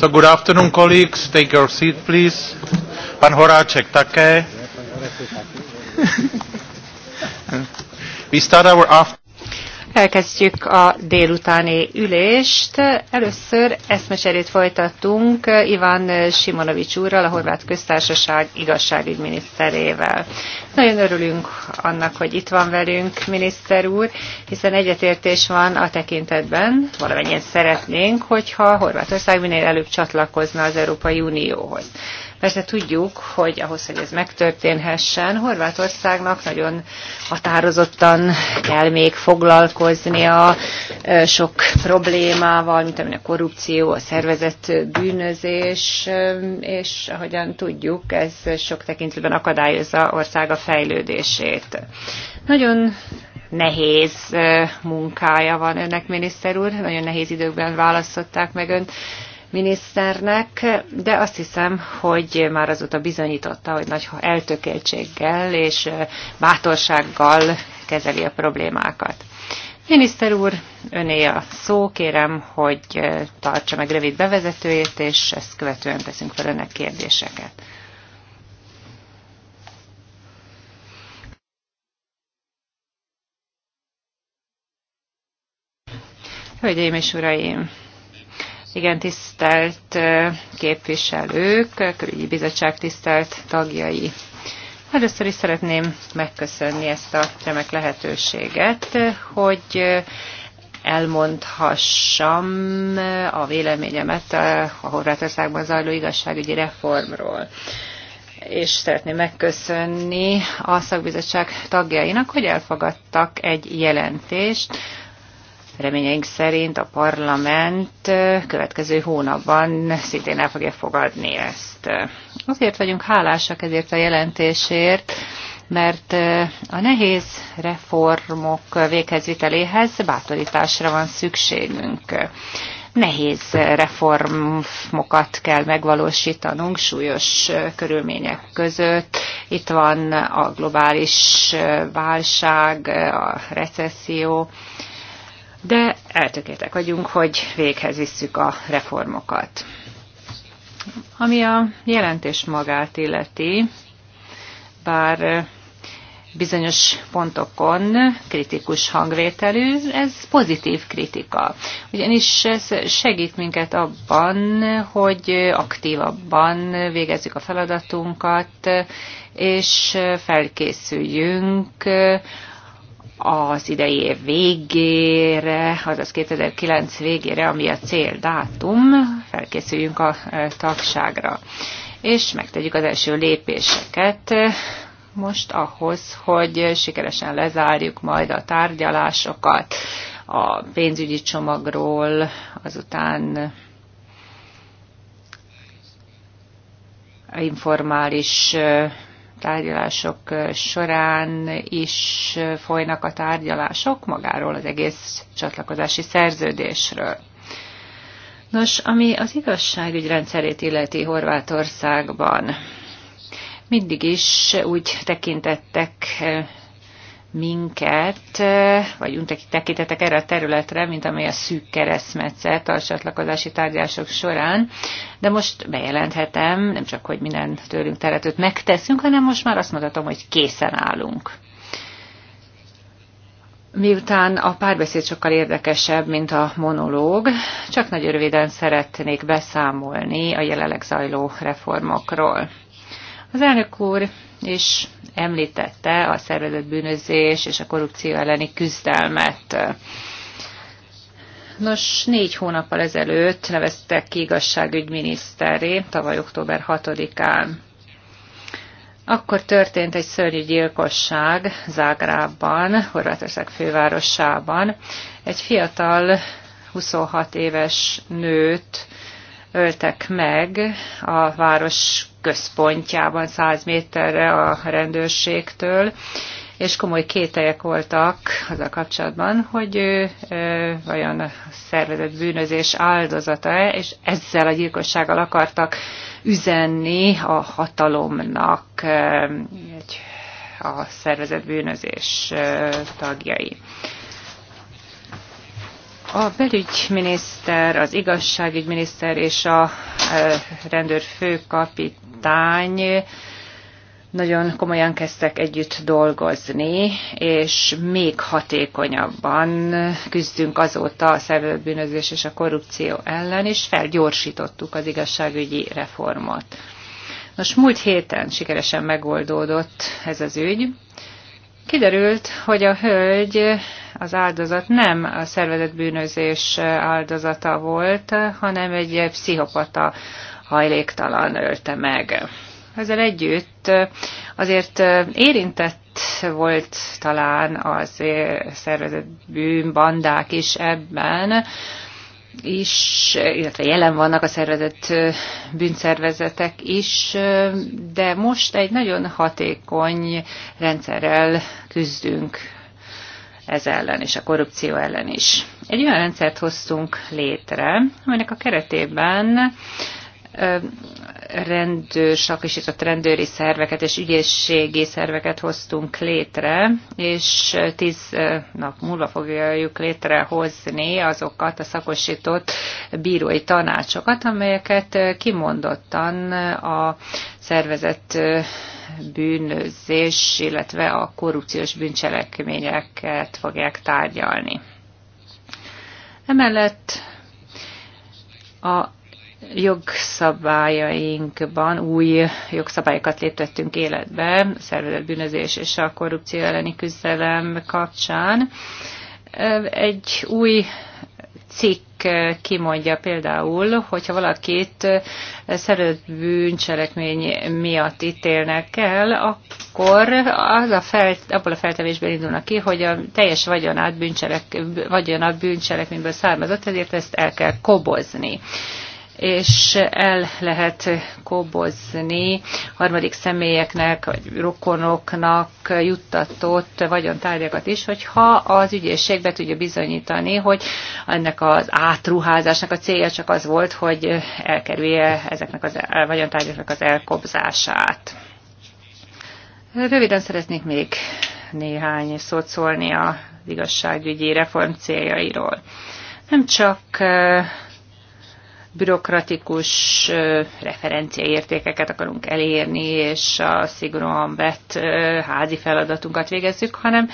So good afternoon, colleagues. Take your seat, please. Pan Horáček také. We start our after Elkezdjük a délutáni ülést. Először eszmecserét folytattunk Iván Simonovics úrral, a Horvát Köztársaság igazságügyminiszterével. Nagyon örülünk annak, hogy itt van velünk, miniszter úr, hiszen egyetértés van a tekintetben, valamennyien szeretnénk, hogyha Horvátország minél előbb csatlakozna az Európai Unióhoz. Persze tudjuk, hogy ahhoz, hogy ez megtörténhessen, Horvátországnak nagyon határozottan kell még foglalkoznia sok problémával, mint amilyen a korrupció, a szervezett bűnözés, és ahogyan tudjuk, ez sok tekintetben akadályozza országa fejlődését. Nagyon nehéz munkája van önnek, miniszter úr. Nagyon nehéz időkben választották meg önt miniszternek, de azt hiszem, hogy már azóta bizonyította, hogy nagy eltökéltséggel és bátorsággal kezeli a problémákat. Miniszter úr, öné a szó, kérem, hogy tartsa meg rövid bevezetőjét, és ezt követően teszünk fel önnek kérdéseket. Hölgyeim és uraim! Igen, tisztelt képviselők, külügyi bizottság tisztelt tagjai. Először is szeretném megköszönni ezt a remek lehetőséget, hogy elmondhassam a véleményemet a Horvátországban zajló igazságügyi reformról. És szeretném megköszönni a szakbizottság tagjainak, hogy elfogadtak egy jelentést, reményeink szerint a parlament következő hónapban szintén el fogja fogadni ezt. Azért vagyunk hálásak ezért a jelentésért, mert a nehéz reformok véghezviteléhez bátorításra van szükségünk. Nehéz reformokat kell megvalósítanunk súlyos körülmények között. Itt van a globális válság, a recesszió, de eltökéltek vagyunk, hogy véghez visszük a reformokat. Ami a jelentés magát illeti, bár bizonyos pontokon kritikus hangvételű, ez pozitív kritika. Ugyanis ez segít minket abban, hogy aktívabban végezzük a feladatunkat, és felkészüljünk az idei év végére, azaz 2009 végére, ami a cél dátum. felkészüljünk a e, tagságra. És megtegyük az első lépéseket e, most ahhoz, hogy sikeresen lezárjuk majd a tárgyalásokat a pénzügyi csomagról, azután informális e, tárgyalások során is folynak a tárgyalások magáról az egész csatlakozási szerződésről. Nos, ami az igazságügy rendszerét illeti Horvátországban, mindig is úgy tekintettek minket, vagy tekintetek erre a területre, mint amely a szűk keresztmetszet a csatlakozási tárgyalások során. De most bejelenthetem, nem csak, hogy minden tőlünk teretőt megteszünk, hanem most már azt mondhatom, hogy készen állunk. Miután a párbeszéd sokkal érdekesebb, mint a monológ, csak nagyon röviden szeretnék beszámolni a jelenleg zajló reformokról. Az elnök úr is említette a szervezett bűnözés és a korrupció elleni küzdelmet. Nos, négy hónappal ezelőtt neveztek ki igazságügyminiszteré, tavaly október 6-án. Akkor történt egy szörnyű gyilkosság Zágrában, Horvátország fővárosában. Egy fiatal, 26 éves nőt öltek meg a város központjában 100 méterre a rendőrségtől, és komoly kételyek voltak a kapcsolatban, hogy ő ö, vajon a szervezett bűnözés áldozata-e, és ezzel a gyilkossággal akartak üzenni a hatalomnak ö, a szervezett bűnözés ö, tagjai. A belügyminiszter, az igazságügyminiszter és a e, rendőrfőkapitány nagyon komolyan kezdtek együtt dolgozni, és még hatékonyabban küzdünk azóta a szervezetbűnözés és a korrupció ellen, és felgyorsítottuk az igazságügyi reformot. Nos, múlt héten sikeresen megoldódott ez az ügy, Kiderült, hogy a hölgy, az áldozat nem a szervezetbűnözés áldozata volt, hanem egy pszichopata hajléktalan ölte meg. Ezzel együtt azért érintett volt talán az szervezett bűnbandák is ebben, is, illetve jelen vannak a szervezett bűnszervezetek is, de most egy nagyon hatékony rendszerrel küzdünk ez ellen és a korrupció ellen is. Egy olyan rendszert hoztunk létre, aminek a keretében itt a rendőri szerveket és ügyészségi szerveket hoztunk létre, és tíz nap múlva fogjuk létrehozni azokat a szakosított bírói tanácsokat, amelyeket kimondottan a szervezett bűnözés, illetve a korrupciós bűncselekményeket fogják tárgyalni. Emellett a jogszabályainkban új jogszabályokat léptettünk életbe, a szervezetbűnözés és a korrupció elleni küzdelem kapcsán. Egy új cikk kimondja például, hogyha valakit szervezett bűncselekmény miatt ítélnek el, akkor az a felt, abból a feltevésből indulnak ki, hogy a teljes vagyonát, bűncselek, vagyonát bűncselekményből származott, ezért ezt el kell kobozni és el lehet kobozni harmadik személyeknek, vagy rokonoknak juttatott vagyontárgyakat is, hogyha az ügyészség be tudja bizonyítani, hogy ennek az átruházásnak a célja csak az volt, hogy elkerülje ezeknek az vagyontárgyaknak az elkobzását. Röviden szeretnék még néhány szót szólni a igazságügyi reform céljairól. Nem csak bürokratikus referenciaértékeket akarunk elérni, és a szigorúan vett házi feladatunkat végezzük, hanem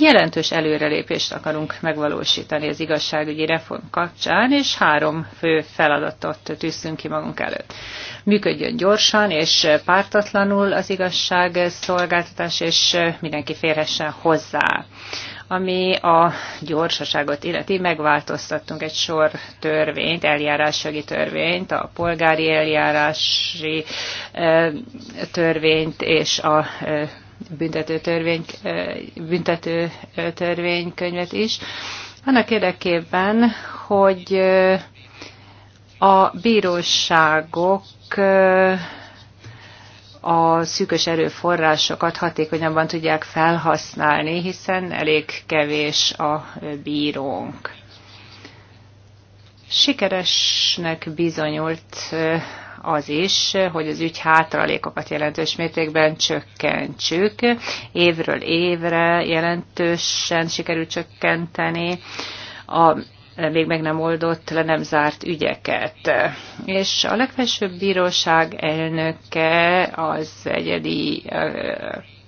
jelentős előrelépést akarunk megvalósítani az igazságügyi reform kapcsán, és három fő feladatot tűztünk ki magunk előtt. Működjön gyorsan és pártatlanul az igazság szolgáltatás, és mindenki férhessen hozzá ami a gyorsaságot illeti. Megváltoztattunk egy sor törvényt, eljárásjogi törvényt, a polgári eljárási törvényt és a büntető, törvény, büntető törvénykönyvet is. Annak érdekében, hogy a bíróságok a szűkös erőforrásokat hatékonyabban tudják felhasználni, hiszen elég kevés a bírónk. Sikeresnek bizonyult az is, hogy az ügy hátralékokat jelentős mértékben csökkentsük. Évről évre jelentősen sikerült csökkenteni a még meg nem oldott, le nem zárt ügyeket. És a legfelsőbb bíróság elnöke az egyedi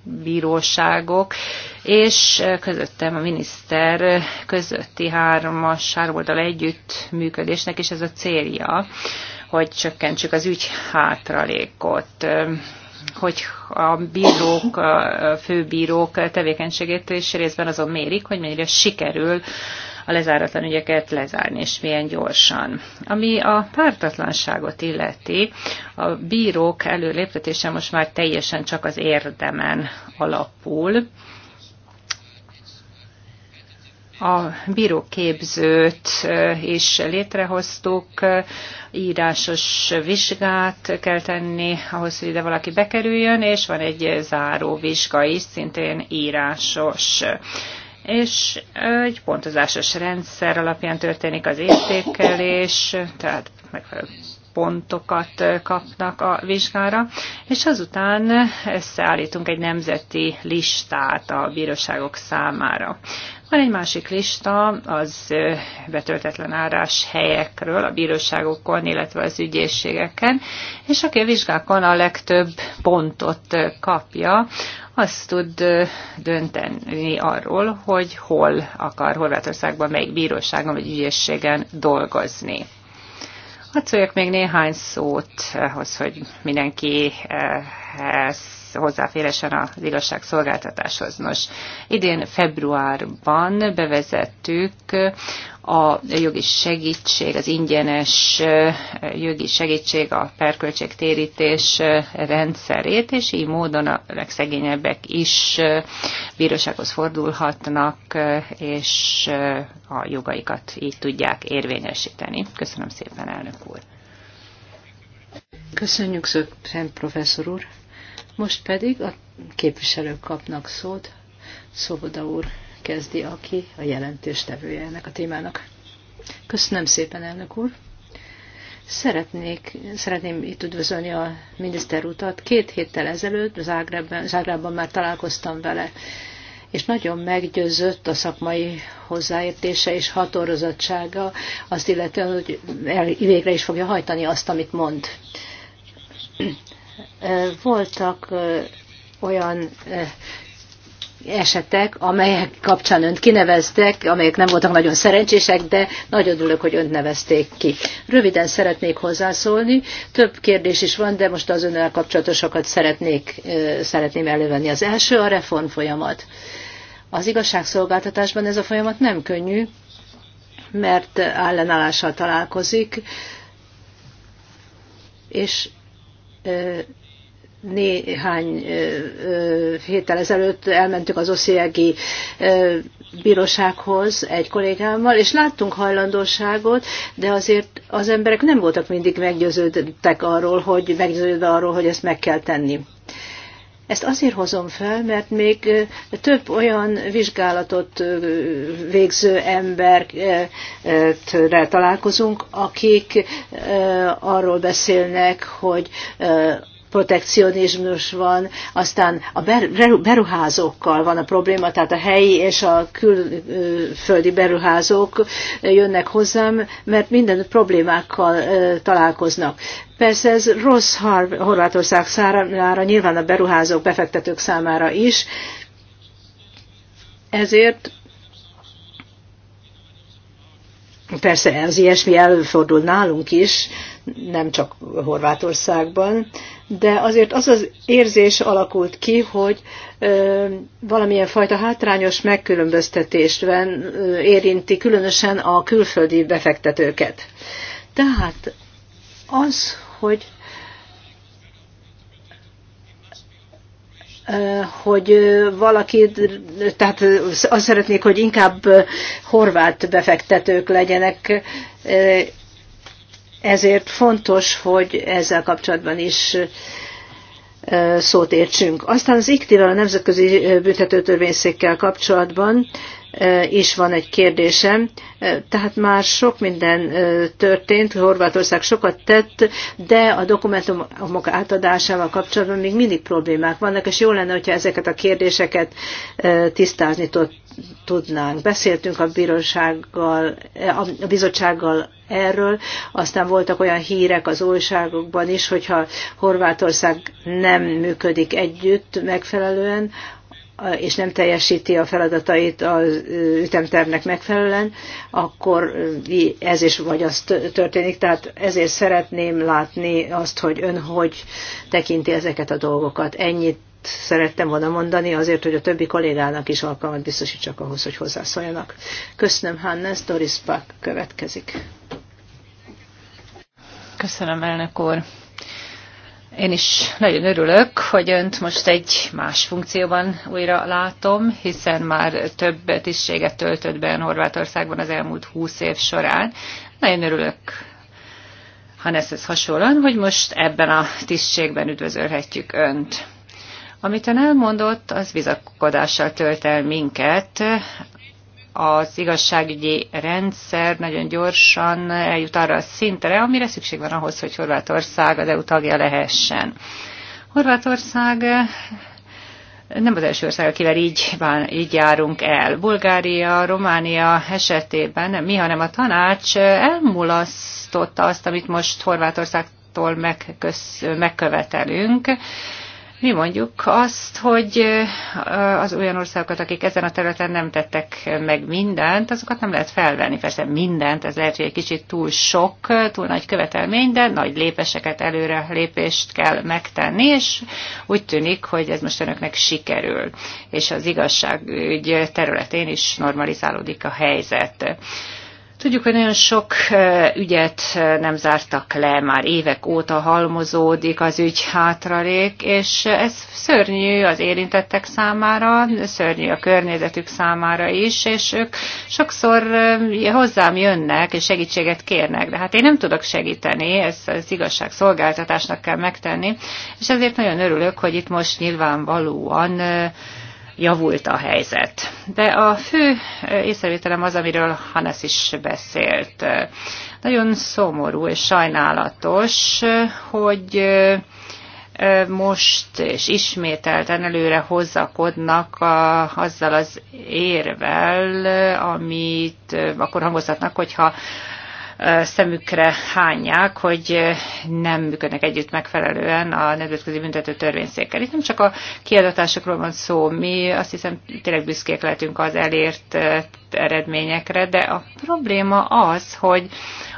bíróságok, és közöttem a miniszter közötti hármas együtt működésnek és ez a célja, hogy csökkentsük az ügy hátralékot hogy a bírók, a főbírók tevékenységét is részben azon mérik, hogy mennyire sikerül a lezáratlan ügyeket lezárni, és milyen gyorsan. Ami a pártatlanságot illeti, a bírók előléptetése most már teljesen csak az érdemen alapul. A bíróképzőt is létrehoztuk, írásos vizsgát kell tenni ahhoz, hogy ide valaki bekerüljön, és van egy záró vizsga is, szintén írásos és egy pontozásos rendszer alapján történik az értékelés, tehát megfelelő pontokat kapnak a vizsgára, és azután összeállítunk egy nemzeti listát a bíróságok számára. Van egy másik lista az betöltetlen árás helyekről, a bíróságokon, illetve az ügyészségeken, és aki a vizsgákon a legtöbb pontot kapja, azt tud dönteni arról, hogy hol akar Horvátországban, melyik bíróságon vagy ügyészségen dolgozni. Hát szóljak még néhány szót ahhoz, hogy mindenki eh, hozzáférhessen az igazságszolgáltatáshoz. Nos, idén februárban bevezettük a jogi segítség, az ingyenes jogi segítség, a perköltségtérítés rendszerét, és így módon a legszegényebbek is bírósághoz fordulhatnak, és a jogaikat így tudják érvényesíteni. Köszönöm szépen, elnök úr! Köszönjük szépen, professzor úr! Most pedig a képviselők kapnak szót. Szoboda úr kezdi, aki a jelentéstevője ennek a témának. Köszönöm szépen, elnök úr! Szeretnék, szeretném itt üdvözölni a miniszter utat. Két héttel ezelőtt Zágrában, Zágrában már találkoztam vele, és nagyon meggyőzött a szakmai hozzáértése és hatorozottsága, azt illetően, hogy el, végre is fogja hajtani azt, amit mond. Voltak olyan esetek, amelyek kapcsán önt kineveztek, amelyek nem voltak nagyon szerencsések, de nagyon örülök, hogy önt nevezték ki. Röviden szeretnék hozzászólni, több kérdés is van, de most az önnel kapcsolatosakat szeretnék, szeretném elővenni. Az első a reform folyamat. Az igazságszolgáltatásban ez a folyamat nem könnyű, mert ellenállással találkozik, és néhány héttel ezelőtt elmentük az osziegi bírósághoz egy kollégámmal, és láttunk hajlandóságot, de azért az emberek nem voltak mindig meggyőződtek arról, hogy meggyőződve arról, hogy ezt meg kell tenni. Ezt azért hozom fel, mert még több olyan vizsgálatot végző emberrel találkozunk, akik arról beszélnek, hogy protekcionizmus van, aztán a beruházókkal van a probléma, tehát a helyi és a külföldi beruházók jönnek hozzám, mert minden problémákkal találkoznak. Persze ez rossz Horvátország számára, nyilván a beruházók, befektetők számára is, ezért Persze az ilyesmi előfordul nálunk is, nem csak Horvátországban, de azért az az érzés alakult ki, hogy ö, valamilyen fajta hátrányos megkülönböztetést érinti különösen a külföldi befektetőket. Tehát az, hogy hogy valaki, tehát azt szeretnék, hogy inkább horvát befektetők legyenek, ezért fontos, hogy ezzel kapcsolatban is szót értsünk. Aztán az iktivel a Nemzetközi Büntetőtörvényszékkel kapcsolatban is van egy kérdésem. Tehát már sok minden történt, Horvátország sokat tett, de a dokumentumok átadásával kapcsolatban még mindig problémák vannak, és jó lenne, hogyha ezeket a kérdéseket tisztázni tudnánk. Beszéltünk a, bírósággal, a bizottsággal erről, aztán voltak olyan hírek az újságokban is, hogyha Horvátország nem működik együtt megfelelően, és nem teljesíti a feladatait az ütemtervnek megfelelően, akkor ez is vagy az történik. Tehát ezért szeretném látni azt, hogy ön hogy tekinti ezeket a dolgokat. Ennyit szerettem volna mondani, azért, hogy a többi kollégának is alkalmat biztosítsak ahhoz, hogy hozzászóljanak. Köszönöm, Hannes. Doris Pak következik. Köszönöm, elnök úr. Én is nagyon örülök, hogy önt most egy más funkcióban újra látom, hiszen már több tisztséget töltött be Horvátországban az elmúlt húsz év során. Nagyon örülök, ez hasonlóan, hogy most ebben a tisztségben üdvözölhetjük önt. Amit ön elmondott, az bizakodással tölt el minket az igazságügyi rendszer nagyon gyorsan eljut arra a szintre, amire szükség van ahhoz, hogy Horvátország az EU tagja lehessen. Horvátország nem az első ország, akivel így, van, így járunk el. Bulgária, Románia esetében mi, hanem a tanács elmulasztotta azt, amit most Horvátországtól megköz, megkövetelünk mi mondjuk azt, hogy az olyan országokat, akik ezen a területen nem tettek meg mindent, azokat nem lehet felvenni. Persze mindent, ez lehet, hogy egy kicsit túl sok, túl nagy követelmény, de nagy lépéseket előre lépést kell megtenni, és úgy tűnik, hogy ez most önöknek sikerül. És az igazságügy területén is normalizálódik a helyzet. Tudjuk, hogy nagyon sok ügyet nem zártak le, már évek óta halmozódik az ügy hátralék, és ez szörnyű az érintettek számára, szörnyű a környezetük számára is, és ők sokszor hozzám jönnek, és segítséget kérnek, de hát én nem tudok segíteni, ezt az igazságszolgáltatásnak kell megtenni, és ezért nagyon örülök, hogy itt most nyilvánvalóan javult a helyzet. De a fő észrevételem az, amiről Hannes is beszélt. Nagyon szomorú és sajnálatos, hogy most és ismételten előre hozzakodnak a, azzal az érvel, amit akkor hangozhatnak, hogyha szemükre hányják, hogy nem működnek együtt megfelelően a nemzetközi büntető törvényszékkel. Itt nem csak a kiadatásokról van szó, mi azt hiszem tényleg büszkék lehetünk az elért eredményekre, de a probléma az, hogy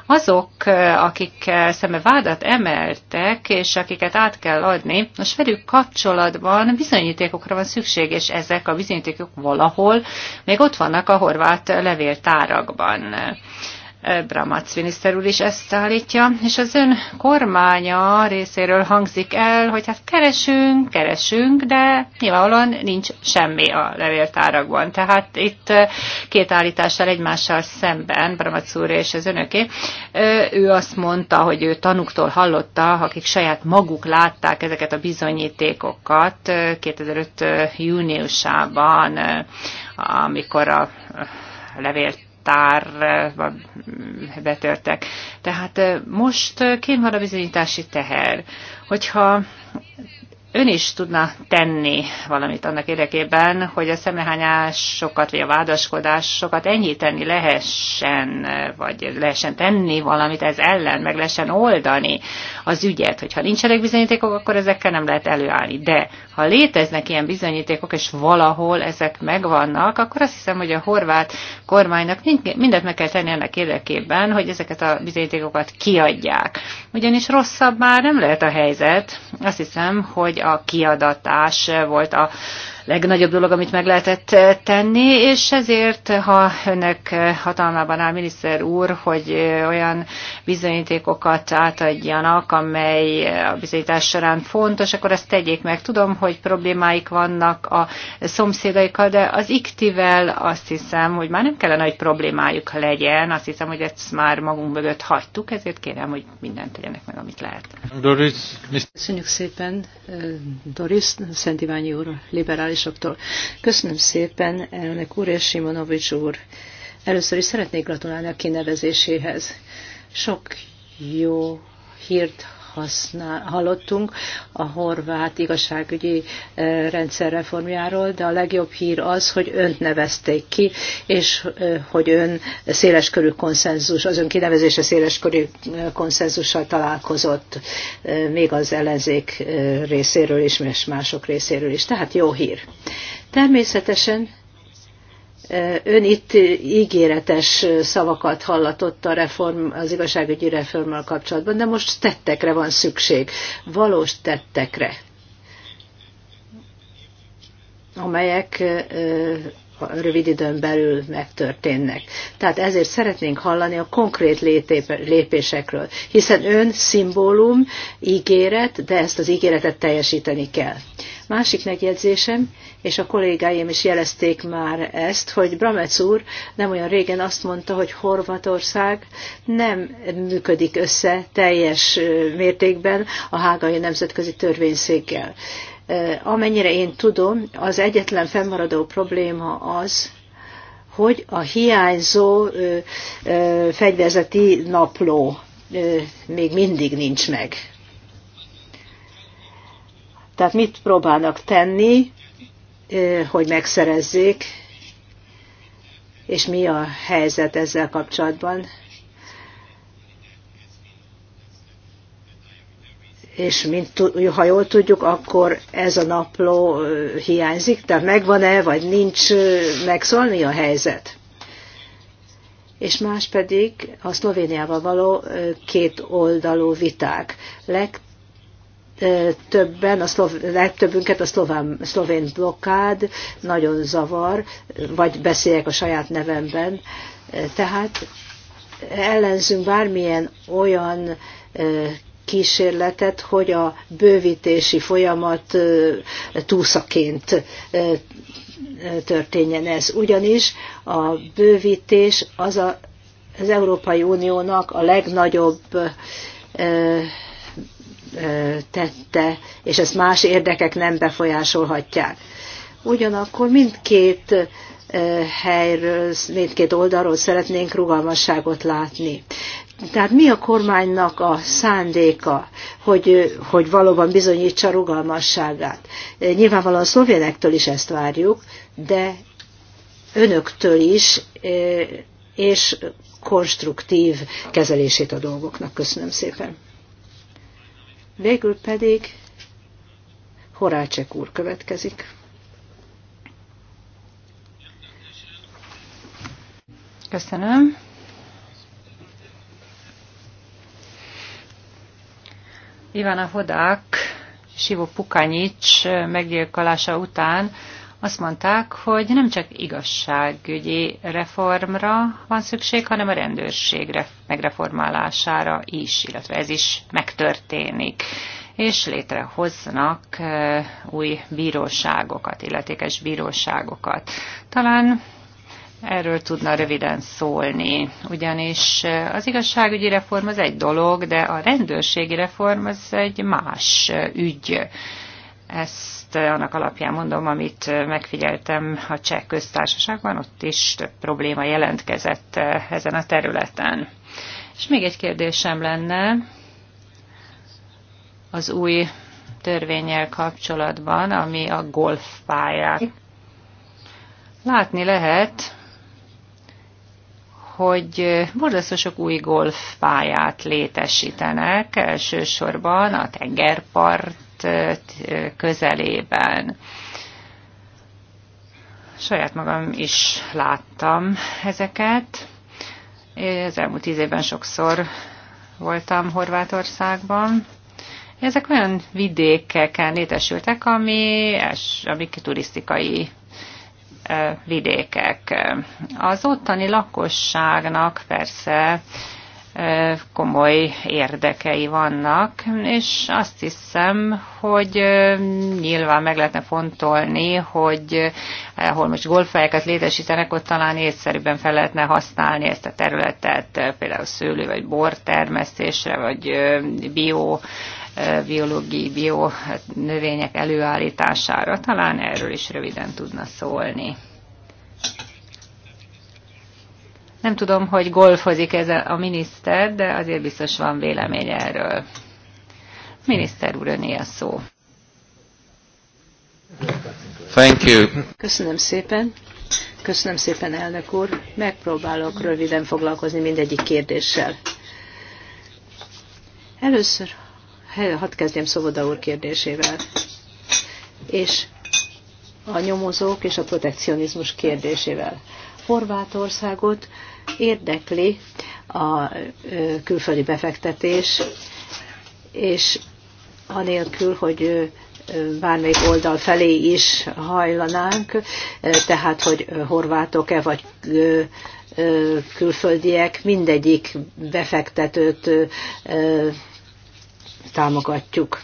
azok, akik szembe vádat emeltek, és akiket át kell adni, most velük kapcsolatban bizonyítékokra van szükség, és ezek a bizonyítékok valahol még ott vannak a horvát levéltárakban. Bramac miniszter úr is ezt állítja, és az ön kormánya részéről hangzik el, hogy hát keresünk, keresünk, de nyilvánvalóan nincs semmi a levéltárakban. Tehát itt két állítással egymással szemben, Bramac úr és az önöké, ő azt mondta, hogy ő tanuktól hallotta, akik saját maguk látták ezeket a bizonyítékokat 2005. júniusában, amikor a levélt határba eh, betörtek. Tehát eh, most eh, kén van a bizonyítási teher. Hogyha ön is tudna tenni valamit annak érdekében, hogy a szemrehányásokat vagy a vádaskodásokat enyhíteni lehessen, vagy lehessen tenni valamit ez ellen, meg lehessen oldani az ügyet. Hogyha nincsenek bizonyítékok, akkor ezekkel nem lehet előállni. De ha léteznek ilyen bizonyítékok, és valahol ezek megvannak, akkor azt hiszem, hogy a horvát kormánynak mindent meg kell tenni ennek érdekében, hogy ezeket a bizonyítékokat kiadják. Ugyanis rosszabb már nem lehet a helyzet. Azt hiszem, hogy a kiadatás volt a legnagyobb dolog, amit meg lehetett eh, tenni, és ezért, ha önnek hatalmában áll miniszter úr, hogy eh, olyan bizonyítékokat átadjanak, amely eh, a bizonyítás során fontos, akkor ezt tegyék meg. Tudom, hogy problémáik vannak a szomszédaikkal, de az iktivel azt hiszem, hogy már nem kellene, hogy problémájuk legyen, azt hiszem, hogy ezt már magunk mögött hagytuk, ezért kérem, hogy mindent tegyenek meg, amit lehet. Doris, Köszönjük szépen, Doris, Szent Iványi úr, liberális liberálisoktól. Köszönöm szépen, elnök úr és Simonovics úr. Először is szeretnék gratulálni a kinevezéséhez. Sok jó hírt használ, hallottunk a horvát igazságügyi eh, rendszer reformjáról, de a legjobb hír az, hogy önt nevezték ki, és eh, hogy ön széleskörű konszenzus, az ön kinevezése széleskörű eh, konszenzussal találkozott, még az ellenzék részéről is, és mások részéről is. Tehát jó hír. Természetesen Ön itt ígéretes szavakat hallatott a reform, az igazságügyi reformmal kapcsolatban, de most tettekre van szükség, valós tettekre, amelyek rövid időn belül megtörténnek. Tehát ezért szeretnénk hallani a konkrét lépésekről, hiszen ön szimbólum, ígéret, de ezt az ígéretet teljesíteni kell. Másik megjegyzésem, és a kollégáim is jelezték már ezt, hogy Bramec úr nem olyan régen azt mondta, hogy Horvatország nem működik össze teljes mértékben a hágai nemzetközi törvényszéggel. Amennyire én tudom, az egyetlen fennmaradó probléma az, hogy a hiányzó ö, ö, napló ö, még mindig nincs meg. Tehát mit próbálnak tenni hogy megszerezzék, és mi a helyzet ezzel kapcsolatban. És mint, ha jól tudjuk, akkor ez a napló hiányzik, tehát megvan-e, vagy nincs, megszólni a helyzet és más pedig a Szlovéniával való két oldalú viták. Leg, többen, a szlov, legtöbbünket a szlován, szlovén blokkád nagyon zavar, vagy beszéljek a saját nevemben. Tehát ellenzünk bármilyen olyan kísérletet, hogy a bővítési folyamat túszaként történjen ez. Ugyanis a bővítés az a, az Európai Uniónak a legnagyobb tette, és ezt más érdekek nem befolyásolhatják. Ugyanakkor mindkét helyről, mindkét oldalról szeretnénk rugalmasságot látni. Tehát mi a kormánynak a szándéka, hogy, hogy valóban bizonyítsa rugalmasságát? Nyilvánvalóan a szlovénektől is ezt várjuk, de önöktől is, és konstruktív kezelését a dolgoknak. Köszönöm szépen. Végül pedig Horácsek úr következik. Köszönöm. Ivana Hodák, Sivo Pukanyics meggyilkolása után azt mondták, hogy nem csak igazságügyi reformra van szükség, hanem a rendőrség megreformálására is, illetve ez is megtörténik és létrehoznak új bíróságokat, illetékes bíróságokat. Talán Erről tudna röviden szólni, ugyanis az igazságügyi reform az egy dolog, de a rendőrségi reform az egy más ügy. Ezt ezt eh, annak alapján mondom, amit eh, megfigyeltem a cseh köztársaságban, ott is több probléma jelentkezett eh, ezen a területen. És még egy kérdésem lenne az új törvényel kapcsolatban, ami a golfpályák. Látni lehet, hogy borzasztó sok új golfpályát létesítenek, elsősorban a tengerpart közelében. Saját magam is láttam ezeket. Az elmúlt tíz évben sokszor voltam Horvátországban. Ezek olyan vidékeken létesültek, ami, amik turisztikai vidékek. Az ottani lakosságnak persze komoly érdekei vannak, és azt hiszem, hogy nyilván meg lehetne fontolni, hogy ahol most golfejeket létesítenek, ott talán észszerűbben fel lehetne használni ezt a területet, például szőlő vagy bortermesztésre, vagy bio biológiai, bio hát növények előállítására. Talán erről is röviden tudna szólni. Nem tudom, hogy golfozik ez a miniszter, de azért biztos van vélemény erről. Miniszter úr, öné a szó. Thank you. Köszönöm szépen. Köszönöm szépen, elnök úr. Megpróbálok röviden foglalkozni mindegyik kérdéssel. Először hadd kezdjem Szoboda úr kérdésével. És a nyomozók és a protekcionizmus kérdésével. Horvátországot érdekli a külföldi befektetés, és anélkül, hogy bármelyik oldal felé is hajlanánk, tehát hogy horvátok-e vagy külföldiek, mindegyik befektetőt támogatjuk.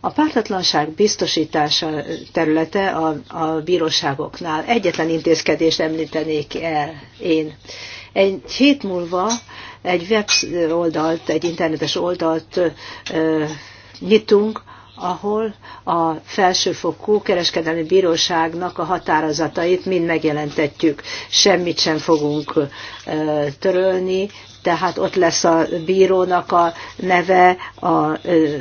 A pártatlanság biztosítása területe a, a bíróságoknál egyetlen intézkedést említenék el én. Egy hét múlva egy weboldalt, egy internetes oldalt ö, nyitunk, ahol a felsőfokú kereskedelmi bíróságnak a határozatait mind megjelentetjük. Semmit sem fogunk törölni, tehát ott lesz a bírónak a neve, a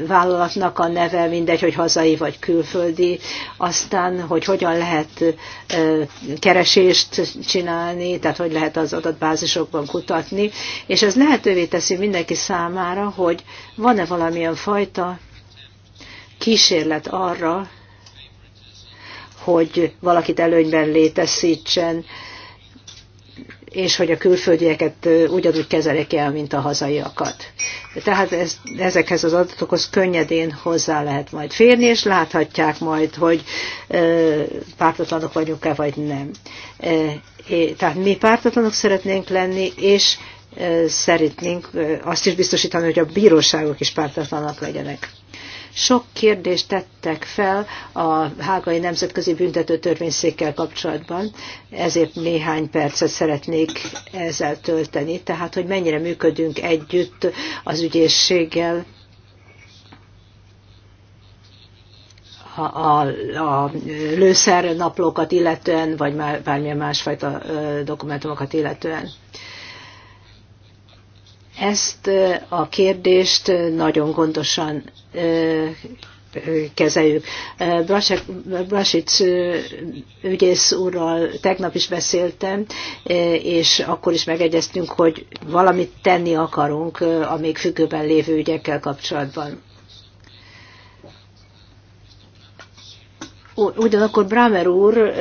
vállalatnak a neve, mindegy, hogy hazai vagy külföldi, aztán, hogy hogyan lehet keresést csinálni, tehát hogy lehet az adatbázisokban kutatni, és ez lehetővé teszi mindenki számára, hogy van-e valamilyen fajta kísérlet arra, hogy valakit előnyben létesítsen, és hogy a külföldieket ugyanúgy kezelik el, mint a hazaiakat. Tehát ez, ezekhez az adatokhoz könnyedén hozzá lehet majd férni, és láthatják majd, hogy e, pártatlanok vagyunk-e, vagy nem. E, tehát mi pártatlanok szeretnénk lenni, és e, szeretnénk e, azt is biztosítani, hogy a bíróságok is pártatlanak legyenek. Sok kérdést tettek fel a Hágai Nemzetközi Büntető Törvényszékkel kapcsolatban, ezért néhány percet szeretnék ezzel tölteni, tehát hogy mennyire működünk együtt az ügyészséggel, a, a naplókat illetően, vagy már bármilyen másfajta dokumentumokat illetően. Ezt a kérdést nagyon gondosan kezeljük. Brasic ügyész úrral tegnap is beszéltem, és akkor is megegyeztünk, hogy valamit tenni akarunk a még függőben lévő ügyekkel kapcsolatban. Ugyanakkor Brámer úr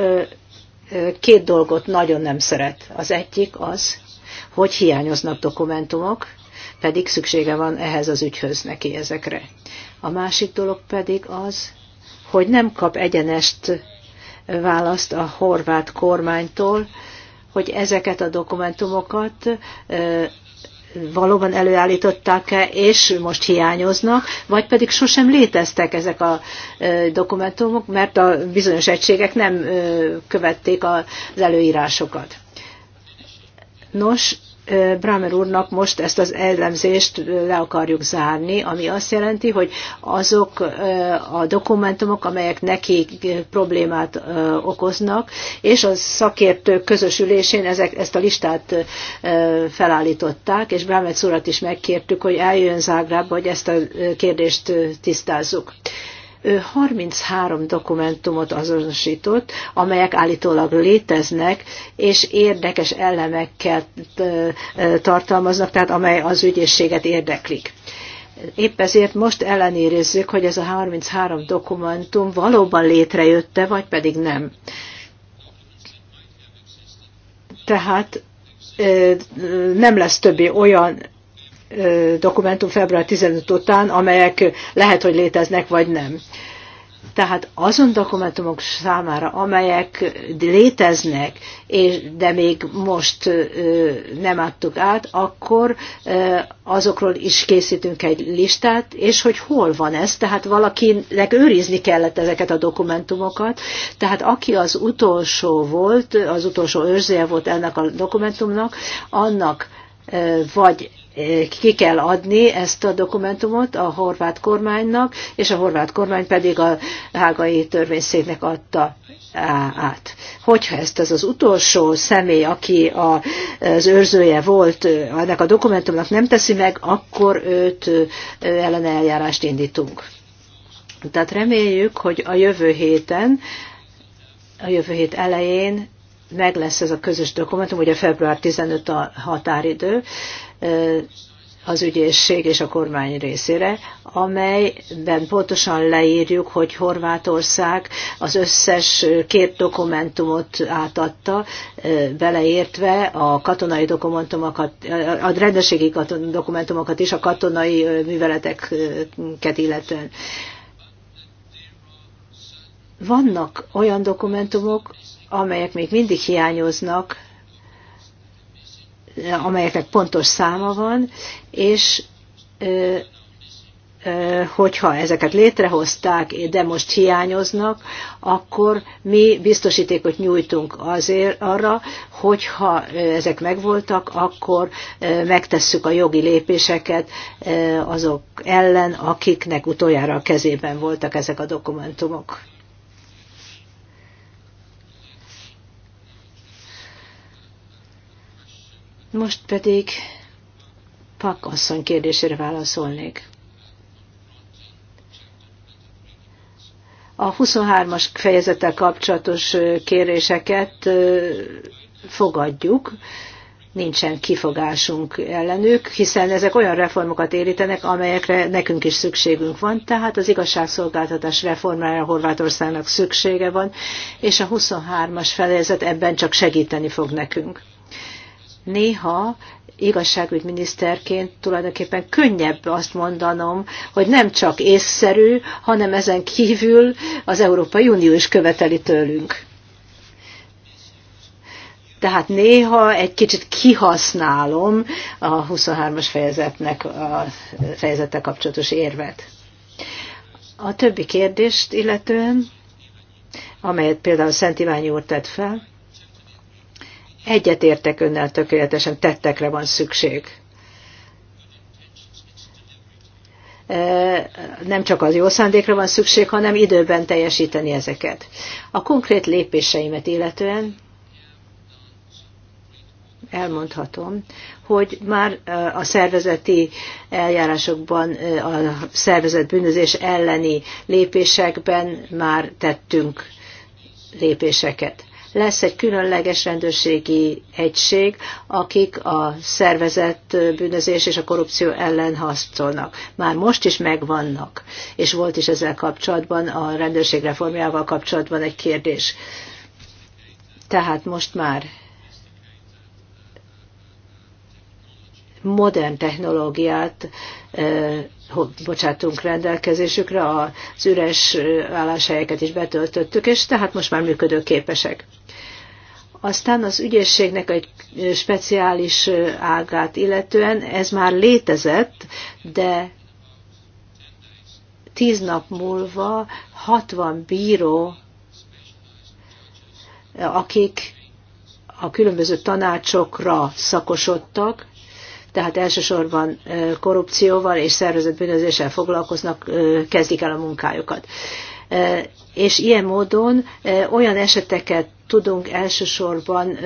két dolgot nagyon nem szeret. Az egyik az, hogy hiányoznak dokumentumok, pedig szüksége van ehhez az ügyhöz neki ezekre. A másik dolog pedig az, hogy nem kap egyenest választ a horvát kormánytól, hogy ezeket a dokumentumokat valóban előállították-e, és most hiányoznak, vagy pedig sosem léteztek ezek a dokumentumok, mert a bizonyos egységek nem követték az előírásokat. Nos, Bramer úrnak most ezt az elemzést le akarjuk zárni, ami azt jelenti, hogy azok a dokumentumok, amelyek neki problémát okoznak, és a szakértők közösülésén ezek, ezt a listát felállították, és Bramer úrat is megkértük, hogy eljön Zágrába, hogy ezt a kérdést tisztázzuk. 33 dokumentumot azonosított, amelyek állítólag léteznek, és érdekes elemekkel tartalmaznak, tehát amely az ügyészséget érdeklik. Épp ezért most ellenérezzük, hogy ez a 33 dokumentum valóban létrejötte, vagy pedig nem. Tehát nem lesz többi olyan dokumentum február 15 után, amelyek lehet, hogy léteznek, vagy nem. Tehát azon dokumentumok számára, amelyek léteznek, és, de még most nem adtuk át, akkor azokról is készítünk egy listát, és hogy hol van ez, tehát valakinek őrizni kellett ezeket a dokumentumokat, tehát aki az utolsó volt, az utolsó őrzője volt ennek a dokumentumnak, annak vagy ki kell adni ezt a dokumentumot a horvát kormánynak, és a horvát kormány pedig a hágai törvényszéknek adta át. Hogyha ezt ez az utolsó személy, aki a, az őrzője volt ennek a dokumentumnak nem teszi meg, akkor őt ellen eljárást indítunk. Tehát reméljük, hogy a jövő héten, a jövő hét elején meg lesz ez a közös dokumentum, ugye február 15 a határidő az ügyészség és a kormány részére, amelyben pontosan leírjuk, hogy Horvátország az összes két dokumentumot átadta, beleértve a katonai dokumentumokat, a rendőrségi dokumentumokat is, a katonai műveleteket illetően. Vannak olyan dokumentumok, amelyek még mindig hiányoznak, amelyeknek pontos száma van, és hogyha ezeket létrehozták, de most hiányoznak, akkor mi biztosítékot nyújtunk azért arra, hogyha ezek megvoltak, akkor megtesszük a jogi lépéseket azok ellen, akiknek utoljára a kezében voltak ezek a dokumentumok. Most pedig Pak asszony kérdésére válaszolnék. A 23-as fejezettel kapcsolatos kéréseket fogadjuk, nincsen kifogásunk ellenük, hiszen ezek olyan reformokat érítenek, amelyekre nekünk is szükségünk van, tehát az igazságszolgáltatás reformára Horvátországnak szüksége van, és a 23-as fejezet ebben csak segíteni fog nekünk néha igazságügyminiszterként tulajdonképpen könnyebb azt mondanom, hogy nem csak észszerű, hanem ezen kívül az Európai Unió is követeli tőlünk. Tehát néha egy kicsit kihasználom a 23-as fejezetnek a fejezete kapcsolatos érvet. A többi kérdést illetően, amelyet például Szent Iványi úr tett fel, Egyetértek önnel tökéletesen, tettekre van szükség. E, nem csak az jó szándékra van szükség, hanem időben teljesíteni ezeket. A konkrét lépéseimet illetően elmondhatom, hogy már e, a szervezeti eljárásokban, e, a szervezet bűnözés elleni lépésekben már tettünk lépéseket lesz egy különleges rendőrségi egység, akik a szervezett bűnözés és a korrupció ellen harcolnak. Már most is megvannak, és volt is ezzel kapcsolatban, a rendőrség reformjával kapcsolatban egy kérdés. Tehát most már modern technológiát bocsátunk rendelkezésükre, az üres álláshelyeket is betöltöttük, és tehát most már működőképesek. Aztán az ügyészségnek egy speciális ágát illetően ez már létezett, de tíz nap múlva 60 bíró, akik a különböző tanácsokra szakosodtak, tehát elsősorban korrupcióval és szervezetbűnözéssel foglalkoznak, kezdik el a munkájukat. És ilyen módon olyan eseteket tudunk elsősorban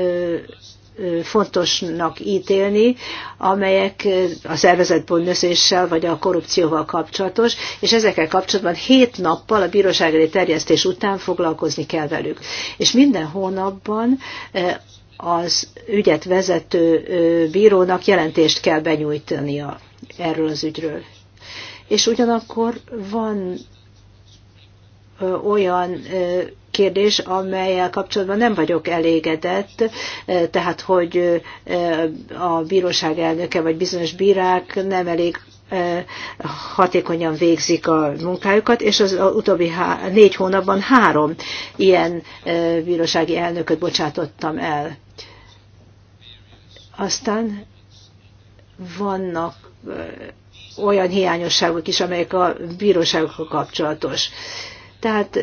fontosnak ítélni, amelyek a szervezetbűnözéssel vagy a korrupcióval kapcsolatos, és ezekkel kapcsolatban hét nappal a bíróság elé terjesztés után foglalkozni kell velük. És minden hónapban az ügyet vezető bírónak jelentést kell benyújtania erről az ügyről. És ugyanakkor van olyan kérdés, amelyel kapcsolatban nem vagyok elégedett, tehát hogy a bíróság elnöke vagy bizonyos bírák nem elég hatékonyan végzik a munkájukat, és az utóbbi há- négy hónapban három ilyen bírósági elnököt bocsátottam el. Aztán vannak olyan hiányosságok is, amelyek a bíróságokkal kapcsolatos. Tehát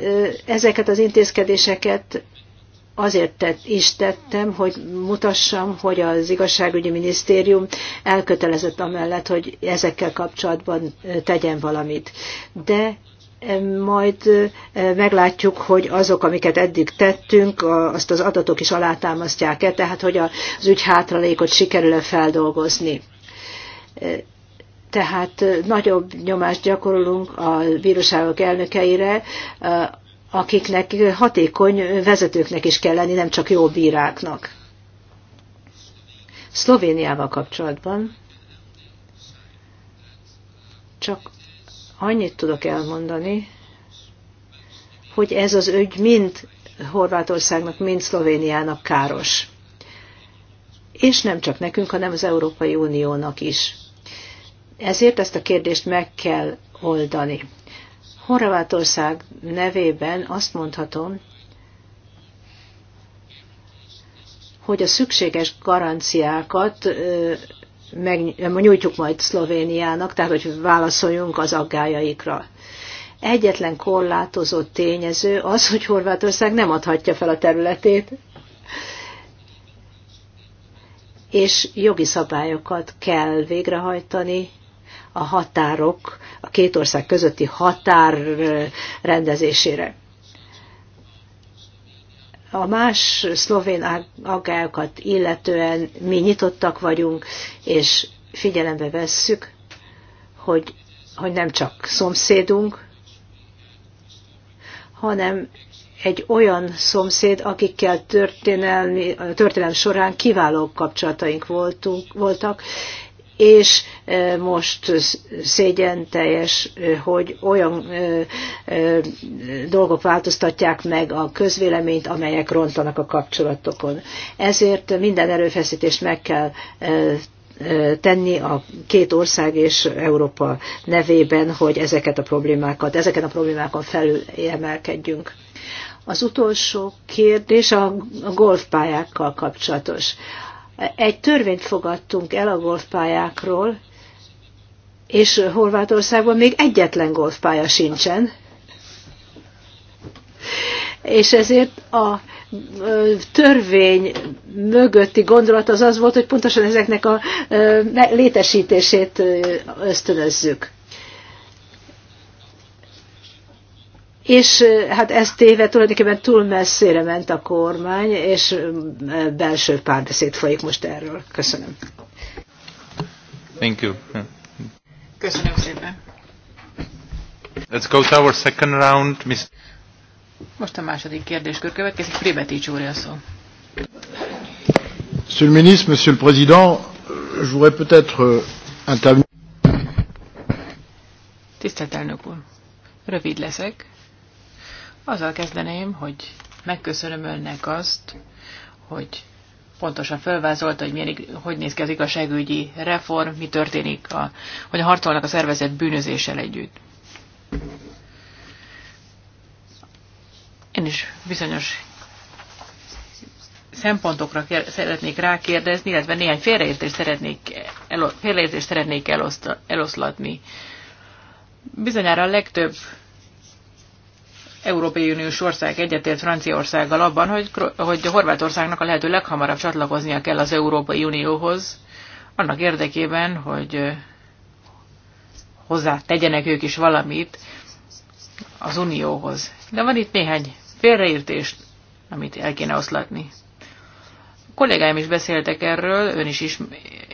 ezeket az intézkedéseket azért tett, is tettem, hogy mutassam, hogy az igazságügyi minisztérium elkötelezett amellett, hogy ezekkel kapcsolatban tegyen valamit. De majd meglátjuk, hogy azok, amiket eddig tettünk, azt az adatok is alátámasztják-e, tehát hogy az ügy hátralékot sikerül-e feldolgozni. Tehát nagyobb nyomást gyakorolunk a bíróságok elnökeire, akiknek hatékony vezetőknek is kell lenni, nem csak jó bíráknak. Szlovéniával kapcsolatban csak Annyit tudok elmondani, hogy ez az ügy mind Horvátországnak, mind Szlovéniának káros. És nem csak nekünk, hanem az Európai Uniónak is. Ezért ezt a kérdést meg kell oldani. Horvátország nevében azt mondhatom, hogy a szükséges garanciákat nyújtjuk majd Szlovéniának, tehát hogy válaszoljunk az aggájaikra. Egyetlen korlátozott tényező az, hogy Horvátország nem adhatja fel a területét, és jogi szabályokat kell végrehajtani a határok, a két ország közötti határ eh, rendezésére. A más szlovén aggályokat illetően mi nyitottak vagyunk, és figyelembe vesszük, hogy, hogy nem csak szomszédunk, hanem egy olyan szomszéd, akikkel történelmi, történelmi során kiváló kapcsolataink voltunk, voltak, és most szégyen teljes, hogy olyan dolgok változtatják meg a közvéleményt, amelyek rontanak a kapcsolatokon. Ezért minden erőfeszítést meg kell tenni a két ország és Európa nevében, hogy ezeket a problémákat, ezeken a problémákon felül emelkedjünk. Az utolsó kérdés a golfpályákkal kapcsolatos. Egy törvényt fogadtunk el a golfpályákról, és Horvátországban még egyetlen golfpálya sincsen. És ezért a törvény mögötti gondolat az az volt, hogy pontosan ezeknek a létesítését ösztönözzük. és hát ez téve tulajdonképpen túl messzére ment a kormány, és belső párbeszéd folyik most erről. Köszönöm. Thank you. Köszönöm szépen. Let's go to our second round. Miss... Most a második kérdéskör következik. Pribetics úr a szó. Monsieur le ministre, Monsieur le Président, je voudrais peut-être euh, intervenir. Tisztelt elnök úr, rövid leszek. Azzal kezdeném, hogy megköszönöm önnek azt, hogy pontosan felvázolta, hogy milyen, hogy néz ki az igazságügyi reform, mi történik, a, hogy harcolnak a szervezet bűnözéssel együtt. Én is bizonyos szempontokra kér, szeretnék rákérdezni, illetve néhány félreértést szeretnék, elo, félreértést szeretnék eloszta, eloszlatni. Bizonyára a legtöbb Európai Uniós ország egyetért Franciaországgal abban, hogy, hogy Horvátországnak a lehető leghamarabb csatlakoznia kell az Európai Unióhoz, annak érdekében, hogy hozzá tegyenek ők is valamit az Unióhoz. De van itt néhány félreértést, amit el kéne oszlatni. A kollégáim is beszéltek erről, ön is, is,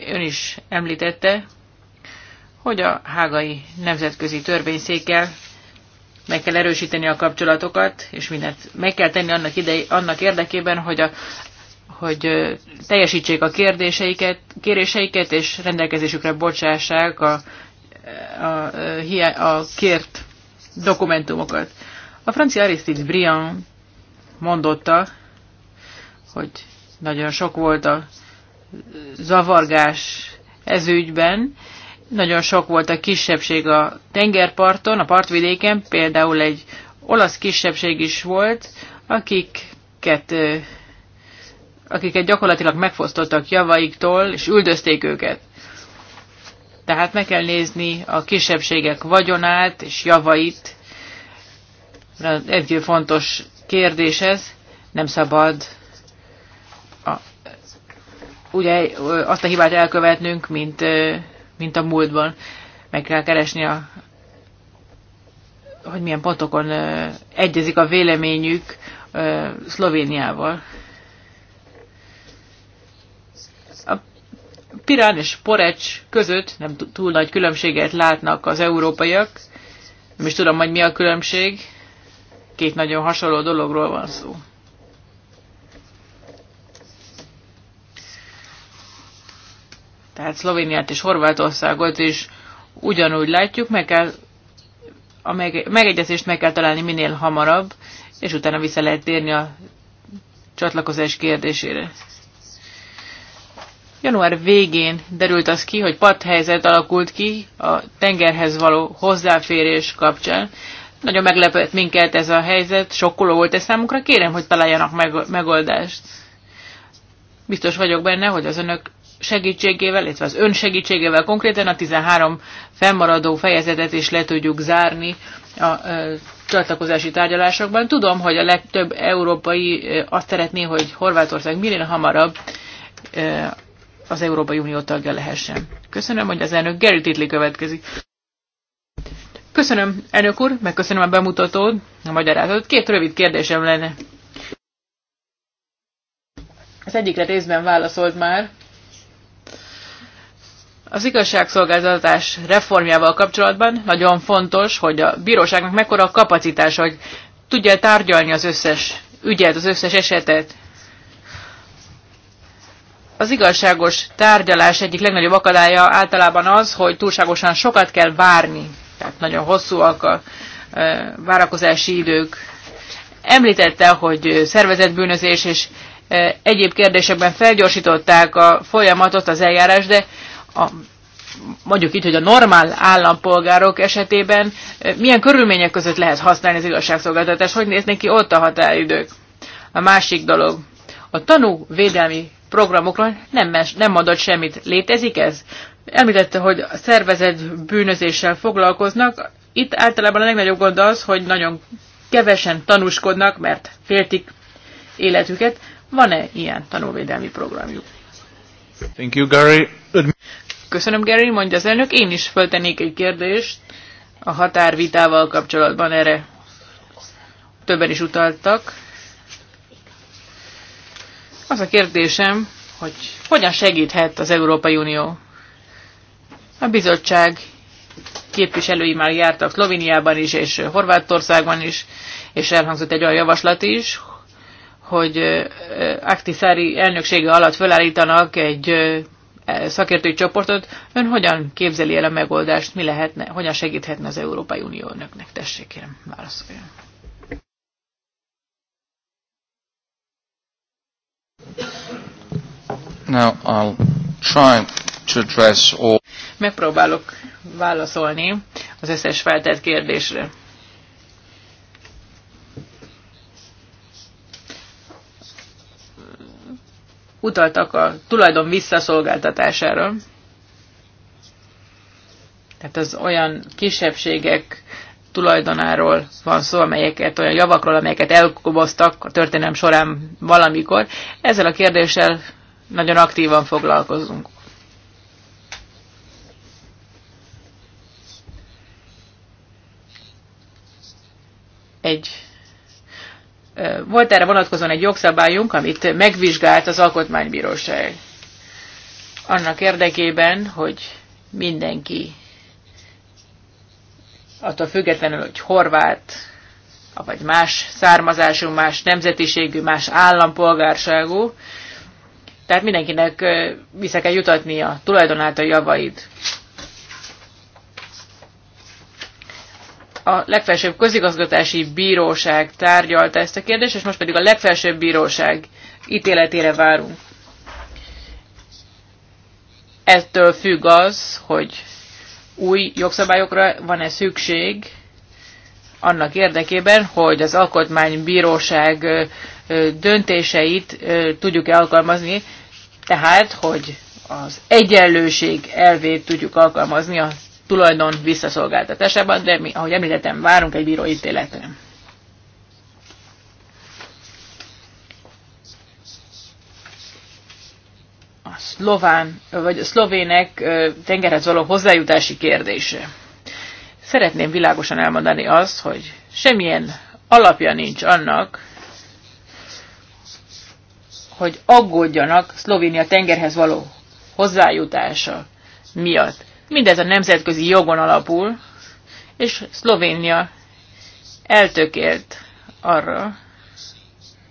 ön is említette, hogy a hágai nemzetközi törvényszékkel meg kell erősíteni a kapcsolatokat, és mindent meg kell tenni annak, idei, annak érdekében, hogy, a, hogy teljesítsék a kérdéseiket, kéréseiket, és rendelkezésükre bocsássák a, a, a, a kért dokumentumokat. A francia Aristide Briand mondotta, hogy nagyon sok volt a zavargás ez ügyben, nagyon sok volt a kisebbség a tengerparton, a partvidéken, például egy olasz kisebbség is volt, akiket, akiket gyakorlatilag megfosztottak javaiktól, és üldözték őket. Tehát meg kell nézni a kisebbségek vagyonát és javait. Egy fontos kérdés ez. Nem szabad a, ugye azt a hibát elkövetnünk, mint mint a múltban. Meg kell keresni a hogy milyen pontokon ö, egyezik a véleményük ö, Szlovéniával. A Pirán és Porecs között nem túl nagy különbséget látnak az európaiak. Nem is tudom, hogy mi a különbség. Két nagyon hasonló dologról van szó. tehát Szlovéniát és Horvátországot is ugyanúgy látjuk, meg kell, a megegyezést meg kell találni minél hamarabb, és utána vissza lehet térni a csatlakozás kérdésére. Január végén derült az ki, hogy padhelyzet alakult ki a tengerhez való hozzáférés kapcsán. Nagyon meglepett minket ez a helyzet, sokkoló volt ez számunkra, kérem, hogy találjanak megoldást. Biztos vagyok benne, hogy az önök segítségével, illetve az ön segítségével konkrétan a 13 fennmaradó fejezetet is le tudjuk zárni a csatlakozási tárgyalásokban. Tudom, hogy a legtöbb európai azt szeretné, hogy Horvátország minél hamarabb az Európai Unió tagja lehessen. Köszönöm, hogy az elnök Gary Titli következik. Köszönöm, elnök úr, megköszönöm a bemutatót, a magyarázatot. Két rövid kérdésem lenne. Az egyikre részben válaszolt már, az igazságszolgáltatás reformjával kapcsolatban nagyon fontos, hogy a bíróságnak mekkora a kapacitás, hogy tudja tárgyalni az összes ügyet, az összes esetet. Az igazságos tárgyalás egyik legnagyobb akadálya általában az, hogy túlságosan sokat kell várni. Tehát nagyon hosszúak a e, várakozási idők. Említette, hogy szervezetbűnözés és e, egyéb kérdésekben felgyorsították a folyamatot, az eljárás, de a, mondjuk itt, hogy a normál állampolgárok esetében eh, milyen körülmények között lehet használni az igazságszolgáltatást, hogy néznek ki ott a határidők. A másik dolog, a tanú védelmi programokról nem, mes, nem mondott semmit. Létezik ez? Említette, hogy a szervezet bűnözéssel foglalkoznak. Itt általában a legnagyobb gond az, hogy nagyon kevesen tanúskodnak, mert féltik életüket. Van-e ilyen tanúvédelmi programjuk? Thank you, Gary. Köszönöm, Gary, mondja az elnök. Én is föltenék egy kérdést a határvitával kapcsolatban erre. Többen is utaltak. Az a kérdésem, hogy hogyan segíthet az Európai Unió? A bizottság képviselői már jártak Szlovéniában is, és Horvátországban is, és elhangzott egy olyan javaslat is, hogy eh, eh, Aktiszári elnöksége alatt felállítanak egy eh, szakértői csoportot. Ön hogyan képzeli el a megoldást, mi lehetne, hogyan segíthetne az Európai Unió önöknek? Tessék, kérem, válaszoljon. Now I'll try to address all... Megpróbálok válaszolni az összes feltett kérdésre. utaltak a tulajdon visszaszolgáltatására. Tehát az olyan kisebbségek tulajdonáról van szó, amelyeket, olyan javakról, amelyeket elkoboztak a történelem során valamikor. Ezzel a kérdéssel nagyon aktívan foglalkozunk. Egy volt erre vonatkozóan egy jogszabályunk, amit megvizsgált az Alkotmánybíróság. Annak érdekében, hogy mindenki, attól függetlenül, hogy horvát, vagy más származású, más nemzetiségű, más állampolgárságú, tehát mindenkinek vissza kell jutatni a tulajdonáltal javaid. javait. a legfelsőbb közigazgatási bíróság tárgyalta ezt a kérdést, és most pedig a legfelsőbb bíróság ítéletére várunk. Ettől függ az, hogy új jogszabályokra van-e szükség annak érdekében, hogy az alkotmánybíróság döntéseit tudjuk-e alkalmazni, tehát, hogy az egyenlőség elvét tudjuk alkalmazni a tulajdon visszaszolgáltatásában, de mi, ahogy említettem, várunk egy bíróítéletre. A szlován, vagy a szlovének tengerhez való hozzájutási kérdése. Szeretném világosan elmondani azt, hogy semmilyen alapja nincs annak, hogy aggódjanak Szlovénia tengerhez való hozzájutása miatt. Mindez a nemzetközi jogon alapul, és Szlovénia eltökélt arra,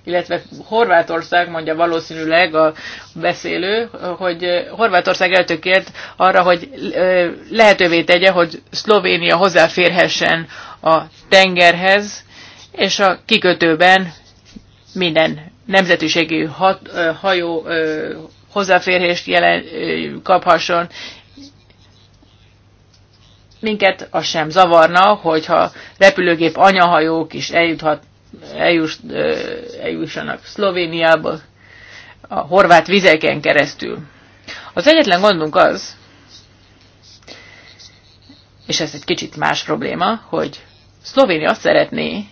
illetve Horvátország mondja valószínűleg a beszélő, hogy Horvátország eltökélt arra, hogy lehetővé tegye, hogy Szlovénia hozzáférhessen a tengerhez, és a kikötőben minden nemzetiségű hat, hajó hozzáférést jelen, kaphasson, minket az sem zavarna, hogyha repülőgép anyahajók is eljuthat, eljuss, eljussanak Szlovéniába, a horvát vizeken keresztül. Az egyetlen gondunk az, és ez egy kicsit más probléma, hogy Szlovénia azt szeretné,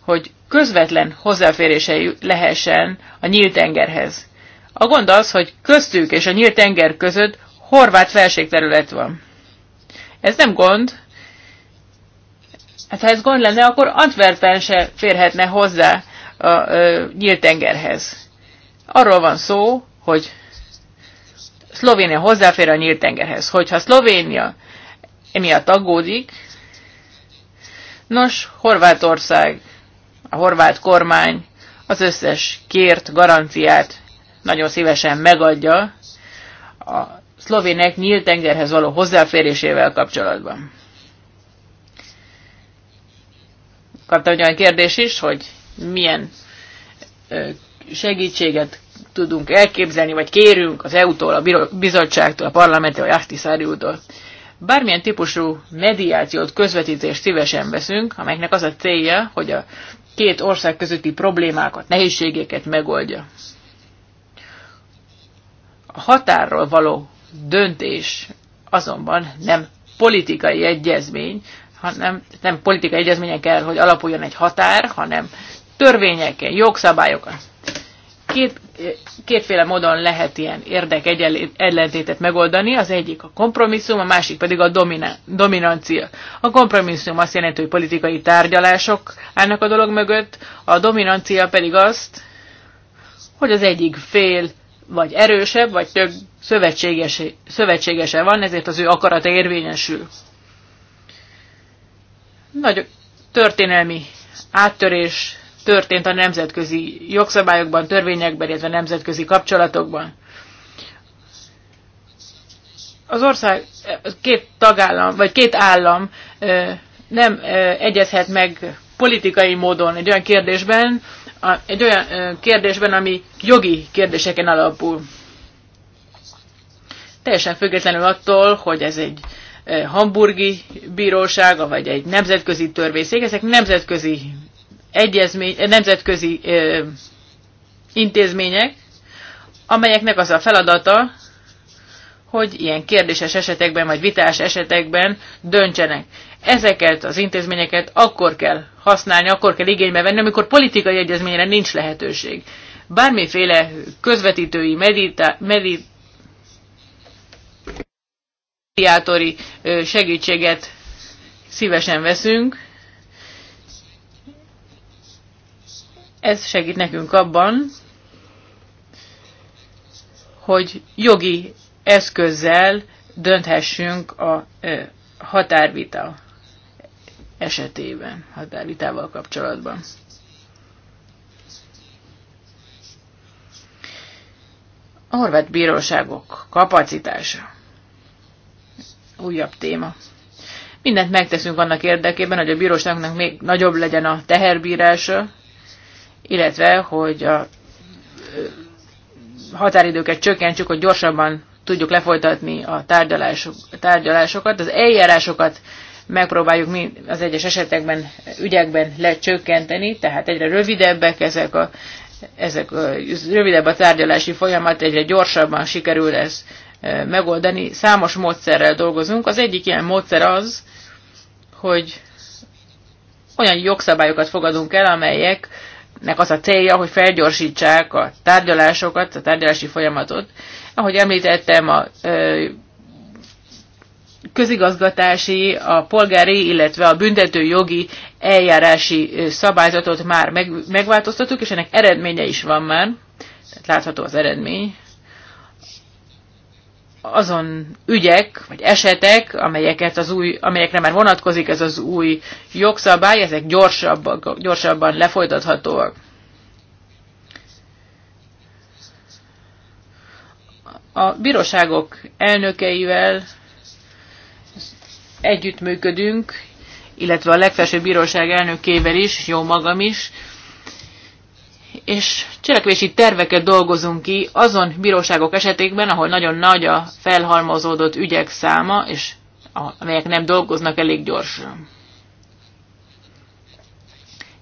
hogy közvetlen hozzáférése lehessen a nyílt tengerhez. A gond az, hogy köztük és a nyílt tenger között horvát felségterület van. Ez nem gond. Hát ha ez gond lenne, akkor Antwerpen se férhetne hozzá a a nyílt tengerhez. Arról van szó, hogy Szlovénia hozzáfér a nyílt tengerhez. Hogyha Szlovénia emiatt aggódik, nos, Horvátország, a horvát kormány az összes kért garanciát nagyon szívesen megadja a szlovének nyílt tengerhez való hozzáférésével kapcsolatban. Kaptam egy olyan kérdés is, hogy milyen segítséget tudunk elképzelni, vagy kérünk az EU-tól, a bizottságtól, a parlamenttől, a Jachtiszári útól. Bármilyen típusú mediációt, közvetítést szívesen veszünk, amelynek az a célja, hogy a két ország közötti problémákat, nehézségeket megoldja. A határról való döntés azonban nem politikai egyezmény, hanem nem politikai egyezményen kell, hogy alapuljon egy határ, hanem törvényeken, jogszabályokon. Két, kétféle módon lehet ilyen érdek ellentétet megoldani, az egyik a kompromisszum, a másik pedig a domina, dominancia. A kompromisszum azt jelenti, hogy politikai tárgyalások állnak a dolog mögött, a dominancia pedig azt, hogy az egyik fél vagy erősebb, vagy több szövetségese, szövetségese van, ezért az ő akarata érvényesül. Nagy történelmi áttörés történt a nemzetközi jogszabályokban, törvényekben, illetve nemzetközi kapcsolatokban. Az ország, két tagállam, vagy két állam nem egyezhet meg politikai módon egy olyan kérdésben, egy olyan kérdésben, ami jogi kérdéseken alapul. Teljesen függetlenül attól, hogy ez egy hamburgi bírósága, vagy egy nemzetközi törvényszék, ezek nemzetközi egyezmény, nemzetközi ö, intézmények, amelyeknek az a feladata, hogy ilyen kérdéses esetekben, vagy vitás esetekben döntsenek ezeket az intézményeket akkor kell használni, akkor kell igénybe venni, amikor politikai egyezményre nincs lehetőség. Bármiféle közvetítői, medita, medit, mediátori segítséget szívesen veszünk. Ez segít nekünk abban, hogy jogi eszközzel dönthessünk a határvita esetében, határvitával kapcsolatban. A horvát bíróságok kapacitása. Újabb téma. Mindent megteszünk annak érdekében, hogy a bíróságnak még nagyobb legyen a teherbírása, illetve, hogy a határidőket csökkentsük, hogy gyorsabban tudjuk lefolytatni a tárgyalásokat. Az eljárásokat megpróbáljuk mi az egyes esetekben, ügyekben lecsökkenteni, tehát egyre rövidebbek ezek a, ezek a rövidebb a tárgyalási folyamat, egyre gyorsabban sikerül ez e, megoldani. Számos módszerrel dolgozunk. Az egyik ilyen módszer az, hogy olyan jogszabályokat fogadunk el, amelyeknek az a célja, hogy felgyorsítsák a tárgyalásokat, a tárgyalási folyamatot. Ahogy említettem, a e, közigazgatási, a polgári, illetve a büntetőjogi eljárási szabályzatot már meg, megváltoztattuk, és ennek eredménye is van már, tehát látható az eredmény. Azon ügyek, vagy esetek, amelyeket az új, amelyekre már vonatkozik ez az új jogszabály, ezek gyorsabban, gyorsabban lefolytathatóak. a bíróságok elnökeivel együttműködünk, illetve a legfelsőbb bíróság elnökével is, jó magam is, és cselekvési terveket dolgozunk ki azon bíróságok esetében, ahol nagyon nagy a felhalmozódott ügyek száma, és amelyek nem dolgoznak elég gyorsan.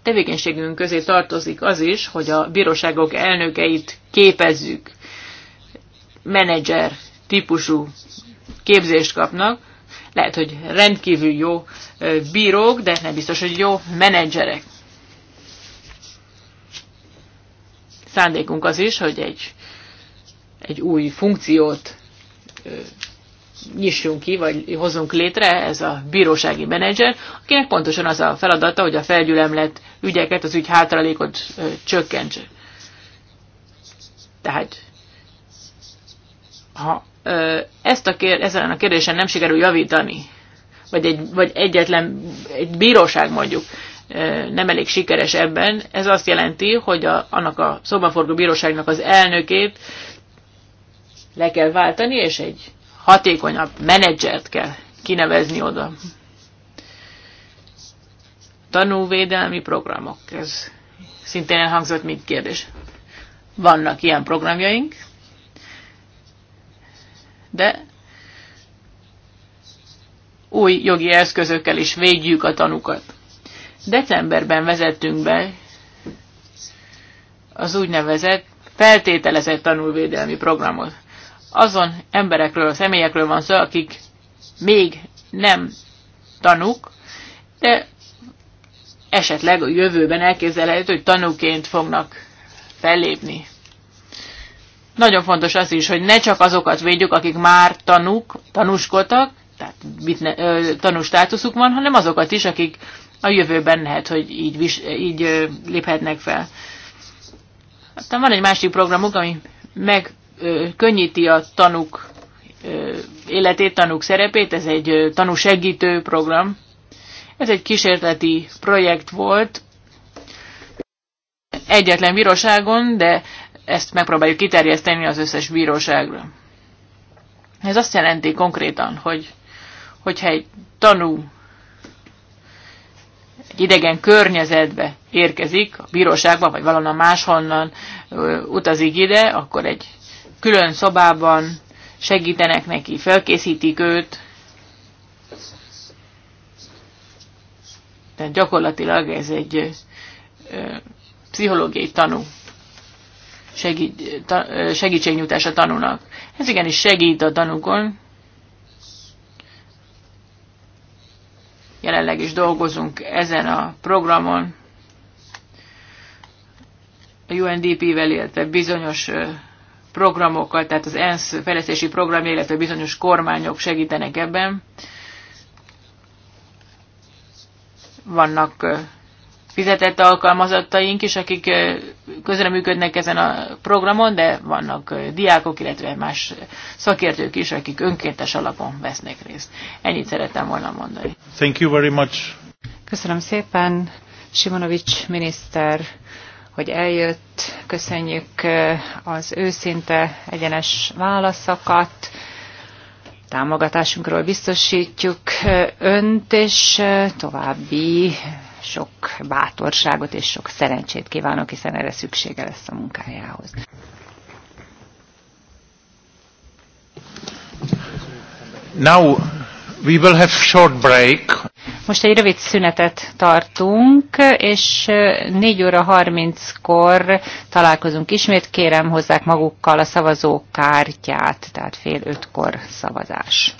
Tevékenységünk közé tartozik az is, hogy a bíróságok elnökeit képezzük, menedzser típusú képzést kapnak, lehet, hogy rendkívül jó bírók, de nem biztos, hogy jó menedzserek. Szándékunk az is, hogy egy, egy új funkciót nyissunk ki, vagy hozunk létre, ez a bírósági menedzser, akinek pontosan az a feladata, hogy a felgyülemlett ügyeket, az ügy hátralékot csökkentse. Tehát, ha ezt a kér, ezen a kérdésen nem sikerül javítani, vagy, egy, vagy egyetlen egy bíróság mondjuk nem elég sikeres ebben, ez azt jelenti, hogy a, annak a szobaforgó bíróságnak az elnökét le kell váltani, és egy hatékonyabb menedzsert kell kinevezni oda. Tanúvédelmi programok, ez szintén elhangzott mint kérdés. Vannak ilyen programjaink, de új jogi eszközökkel is védjük a tanukat. Decemberben vezettünk be az úgynevezett feltételezett tanulvédelmi programot. Azon emberekről, személyekről van szó, akik még nem tanuk, de esetleg a jövőben elképzelhető, hogy tanúként fognak fellépni. Nagyon fontos az is, hogy ne csak azokat védjük, akik már tanúk, tanúskodtak, tehát bitne, tanú státuszuk van, hanem azokat is, akik a jövőben lehet, hogy így, vis, így léphetnek fel. Aztán van egy másik programunk, ami megkönnyíti a tanúk életét, tanúk szerepét, ez egy segítő program. Ez egy kísérleti projekt volt, egyetlen bíróságon, de ezt megpróbáljuk kiterjeszteni az összes bíróságra. Ez azt jelenti konkrétan, hogy hogyha egy tanú egy idegen környezetbe érkezik, a bíróságba, vagy valahonnan máshonnan ö, utazik ide, akkor egy külön szobában segítenek neki, felkészítik őt. Tehát gyakorlatilag ez egy ö, pszichológiai tanú segít, ta, segítségnyújtás a tanúnak. Ez igenis segít a tanúkon. Jelenleg is dolgozunk ezen a programon. A UNDP-vel, illetve bizonyos programokkal, tehát az ENSZ fejlesztési program, illetve bizonyos kormányok segítenek ebben. Vannak fizetett alkalmazottaink is, akik közreműködnek ezen a programon, de vannak diákok, illetve más szakértők is, akik önkéntes alapon vesznek részt. Ennyit szerettem volna mondani. Thank you very much. Köszönöm szépen, Simonovics miniszter, hogy eljött. Köszönjük az őszinte, egyenes válaszokat támogatásunkról biztosítjuk önt, és további sok bátorságot és sok szerencsét kívánok, hiszen erre szüksége lesz a munkájához. Now we will have short break. Most egy rövid szünetet tartunk, és 4 óra 30-kor találkozunk ismét. Kérem hozzák magukkal a szavazókártyát, tehát fél ötkor szavazás.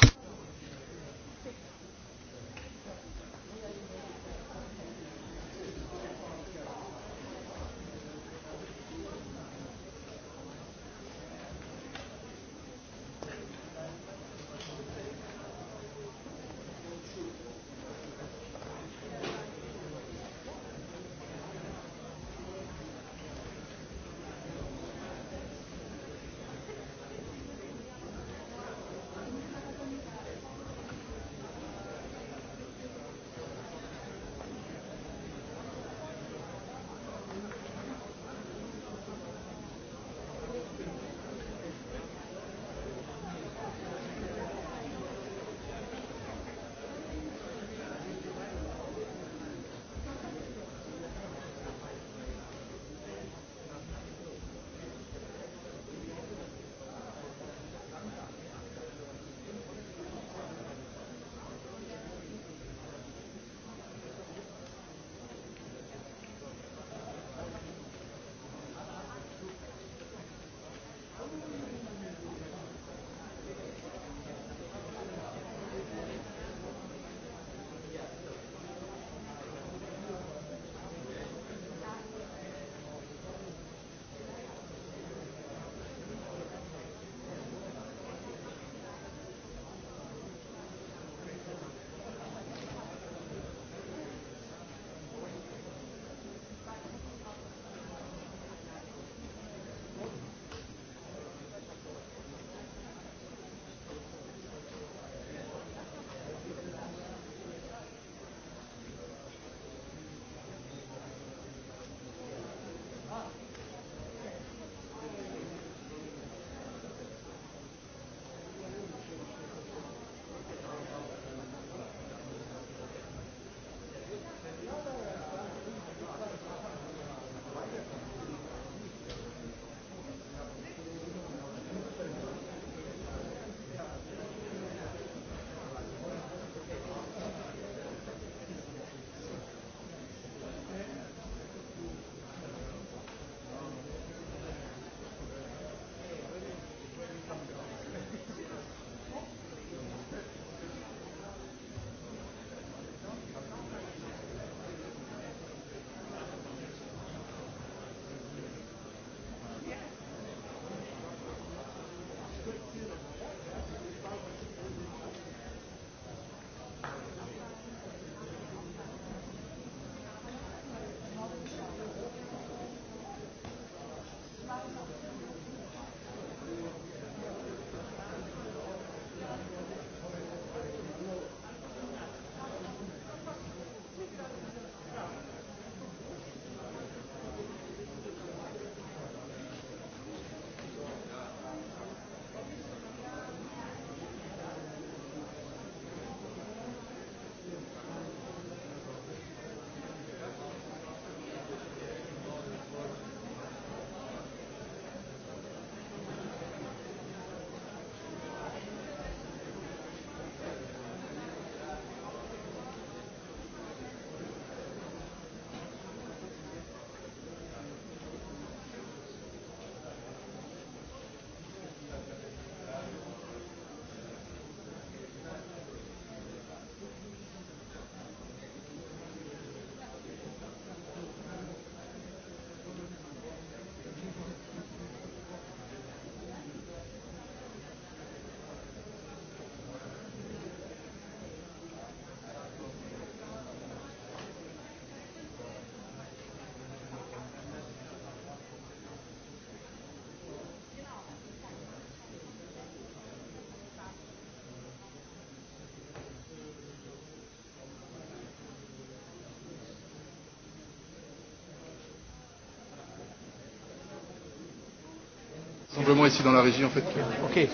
Simplement ici dans la région en fait. Ok.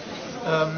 Um,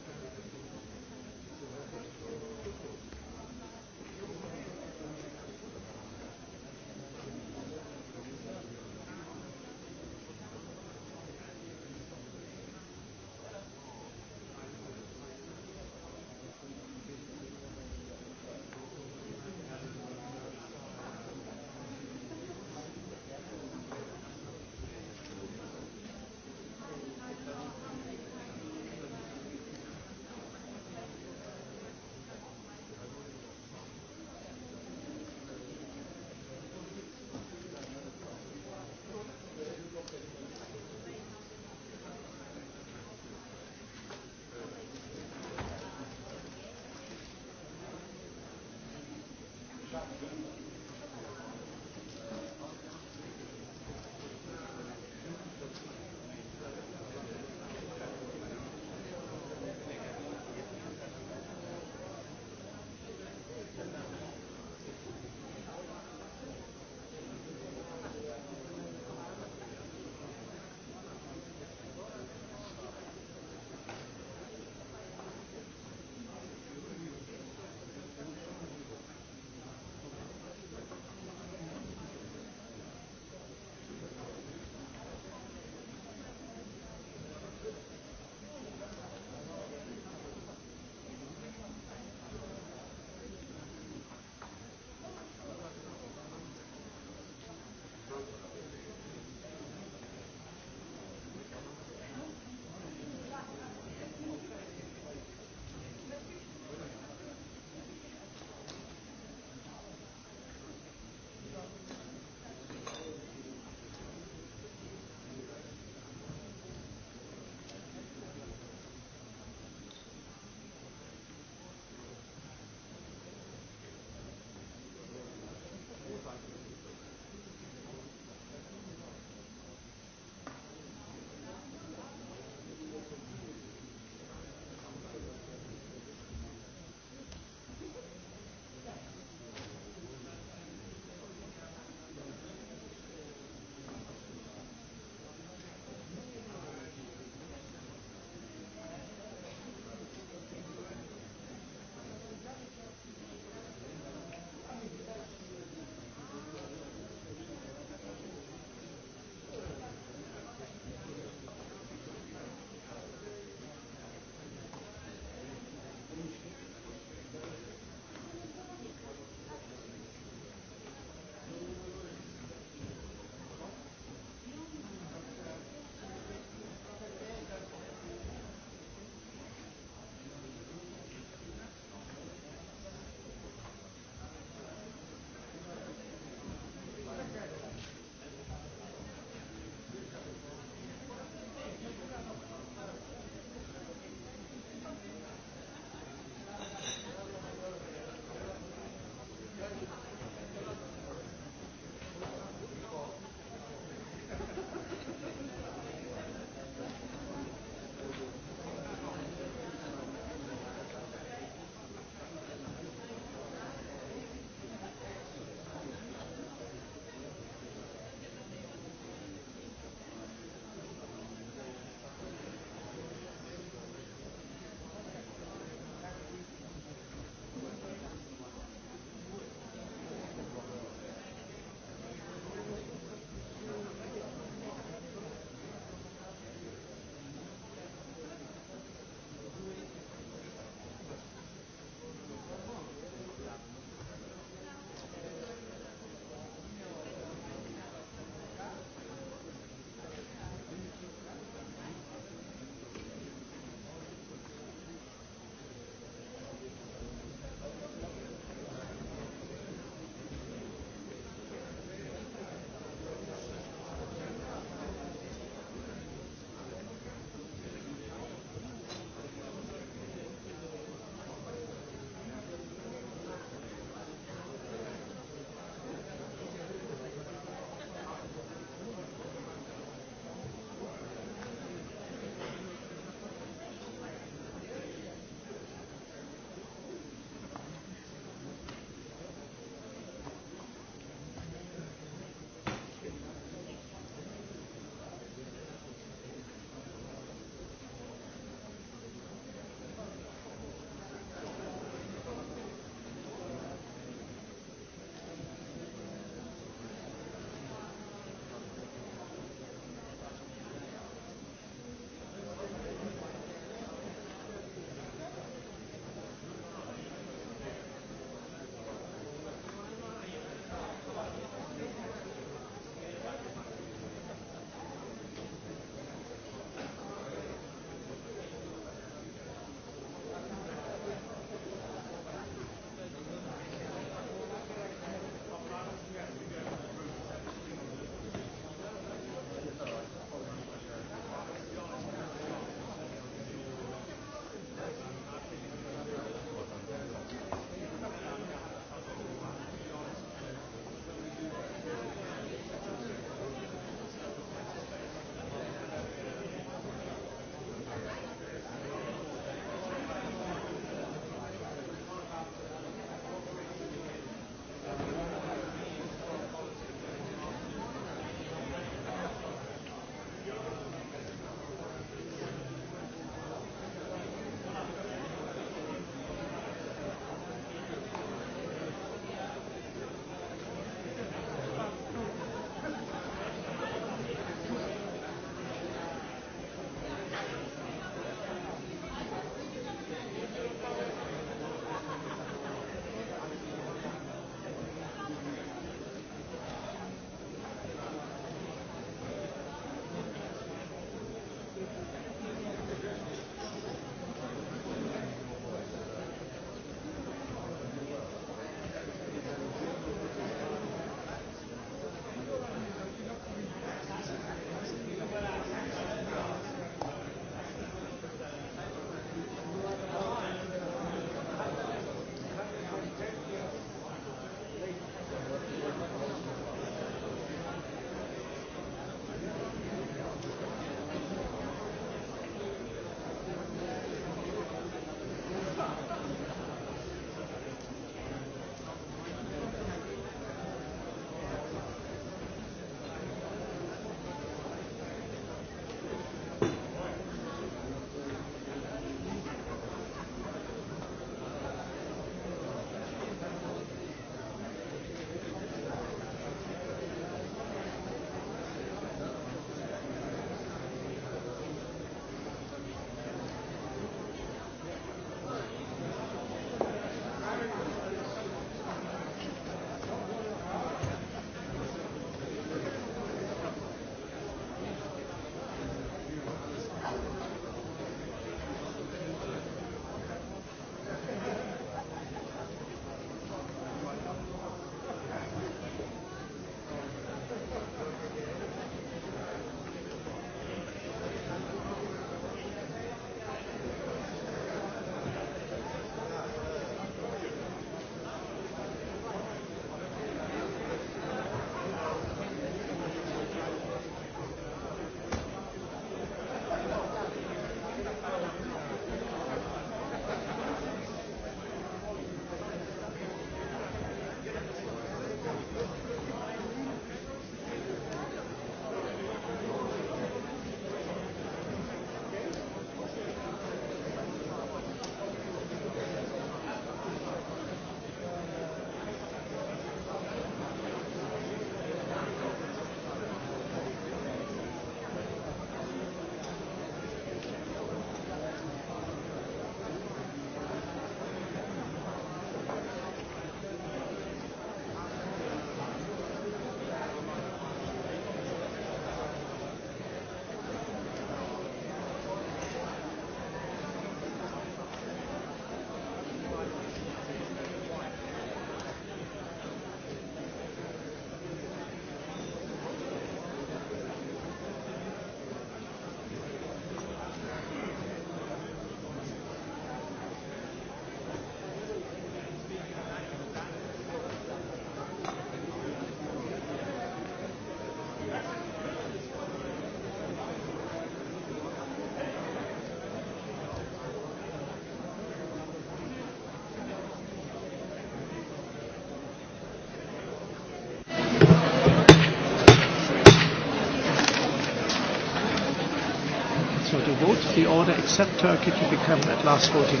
the order except Turkey to become at last voting.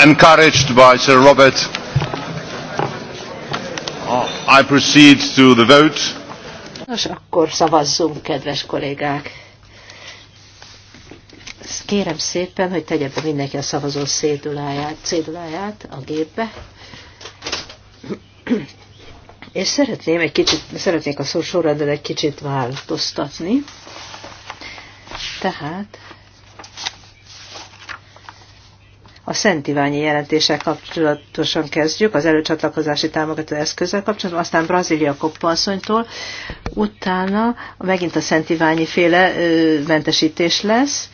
Encouraged by Sir Robert, I proceed to the vote. Nos, akkor szavazzunk, kedves kollégák. Kérem szépen, hogy tegye be mindenki a szavazó céduláját, céduláját a gépbe és szeretném egy kicsit, szeretnék a szó sorrendet egy kicsit változtatni. Tehát a Szent Iványi jelentéssel kapcsolatosan kezdjük, az előcsatlakozási támogató eszközzel kapcsolatban, aztán Brazília koppanszonytól, utána megint a Szent Iványi féle ö, mentesítés lesz,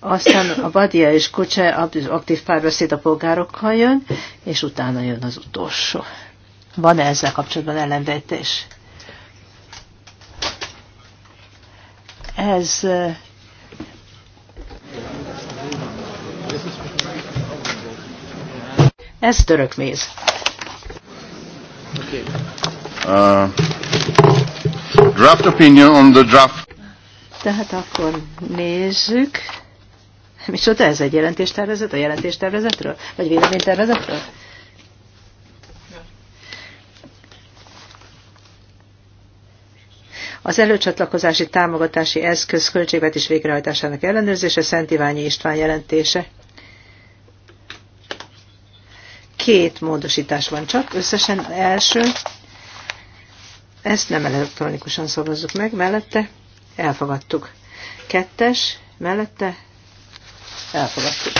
aztán a Badia és Kocse aktív párbeszéd a polgárokkal jön, és utána jön az utolsó. Van-e ezzel kapcsolatban ellenvetés? Ez Ez török méz. Okay. Uh, draft opinion on the draft. Tehát akkor nézzük. Micsoda ez egy jelentéstervezet a jelentéstervezetről? Vagy véleménytervezetről? Az előcsatlakozási támogatási eszköz költségvetés végrehajtásának ellenőrzése Szent Iványi István jelentése. Két módosítás van csak, összesen első. Ezt nem elektronikusan szavazzuk meg, mellette elfogadtuk. Kettes, mellette elfogadtuk.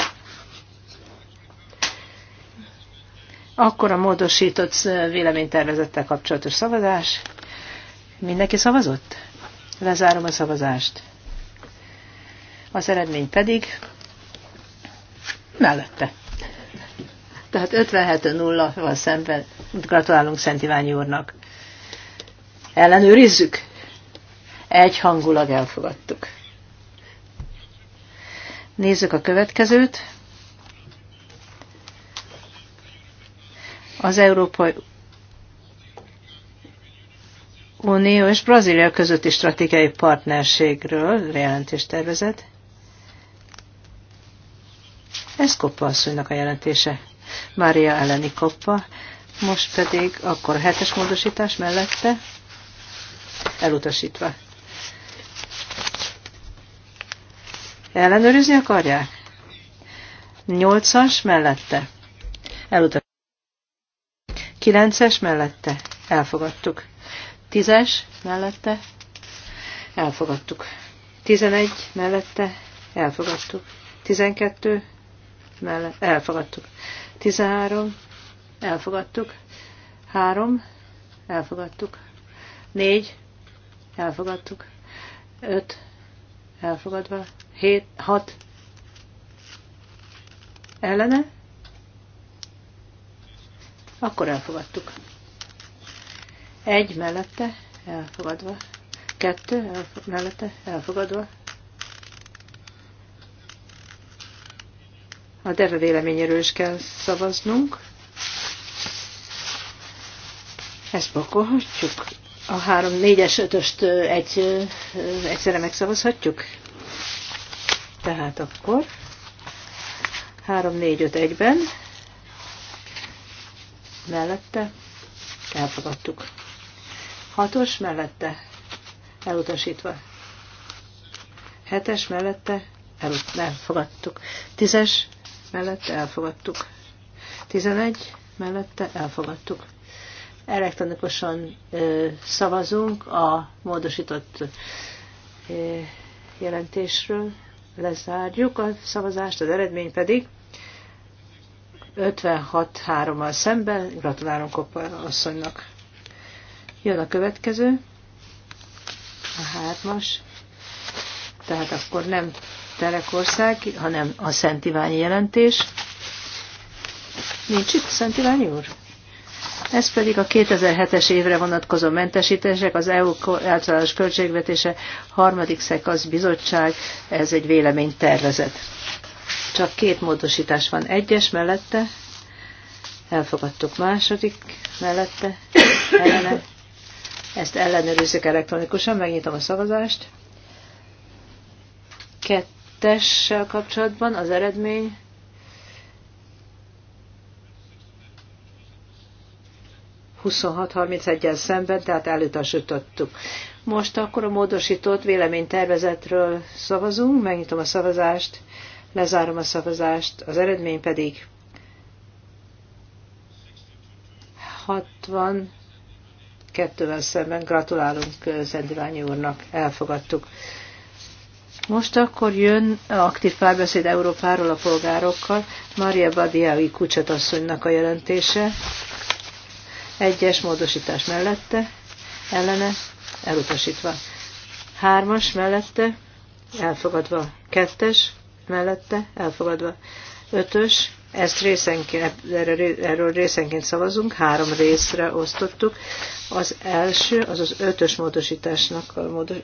Akkor a módosított véleménytervezettel kapcsolatos szavazás. Mindenki szavazott? Lezárom a szavazást. Az eredmény pedig mellette. Tehát 57-0-val szemben gratulálunk Szent Iványi úrnak. Ellenőrizzük. Egy hangulag elfogadtuk. Nézzük a következőt. Az Európai Unió és Brazília közötti stratégiai partnerségről tervezet. Ez Koppa asszonynak a jelentése. Mária elleni Koppa, most pedig akkor a hetes módosítás mellette elutasítva. Ellenőrizni akarják? Nyolcas mellette. Elutasítva. Kilences mellette. Elfogadtuk. Tízes mellette elfogadtuk. Tizenegy mellette elfogadtuk. Tizenkettő mellette elfogadtuk. Tizenhárom elfogadtuk. Három elfogadtuk. Négy elfogadtuk. Öt elfogadva. Hét, hat ellene. Akkor elfogadtuk. Egy mellette elfogadva. Kettő elf- mellette elfogadva. A DEVE véleményéről is kell szavaznunk. Ezt pakolhatjuk. A három, négyes, ötöst egy, egyszerre megszavazhatjuk? Tehát akkor 3, 4, 5, 1-ben mellette elfogadtuk. Hatos mellette elutasítva. Hetes mellette nem elfogadtuk. Tízes mellette elfogadtuk. Tizenegy mellette elfogadtuk. Elektronikusan ö, szavazunk a módosított ö, jelentésről. Lezárjuk a szavazást, az eredmény pedig 56-3-mal szemben. Gratulálunk Koppa asszonynak! Jön a következő, a hármas, tehát akkor nem Telekország, hanem a Szent Iványi jelentés. Nincs itt Szent Iványi úr? Ez pedig a 2007-es évre vonatkozó mentesítések, az EU általános költségvetése, harmadik szekasz bizottság, ez egy véleménytervezet. Csak két módosítás van, egyes mellette, elfogadtuk második mellette, ellene ezt ellenőrizzük elektronikusan, megnyitom a szavazást. Kettessel kapcsolatban az eredmény. el szemben, tehát elutasítottuk. Most akkor a módosított véleménytervezetről szavazunk, megnyitom a szavazást, lezárom a szavazást, az eredmény pedig 60 Kettővel szemben. Gratulálunk Szentiványi úrnak, elfogadtuk. Most akkor jön aktív párbeszéd Európáról a polgárokkal, Maria Badiai kucsatasszonynak a jelentése, egyes módosítás mellette, ellene, elutasítva. Hármas mellette, elfogadva. Kettes mellette, elfogadva. Ötös ezt részenként, erről részenként szavazunk, három részre osztottuk. Az első, az az ötös módosításnak a módos,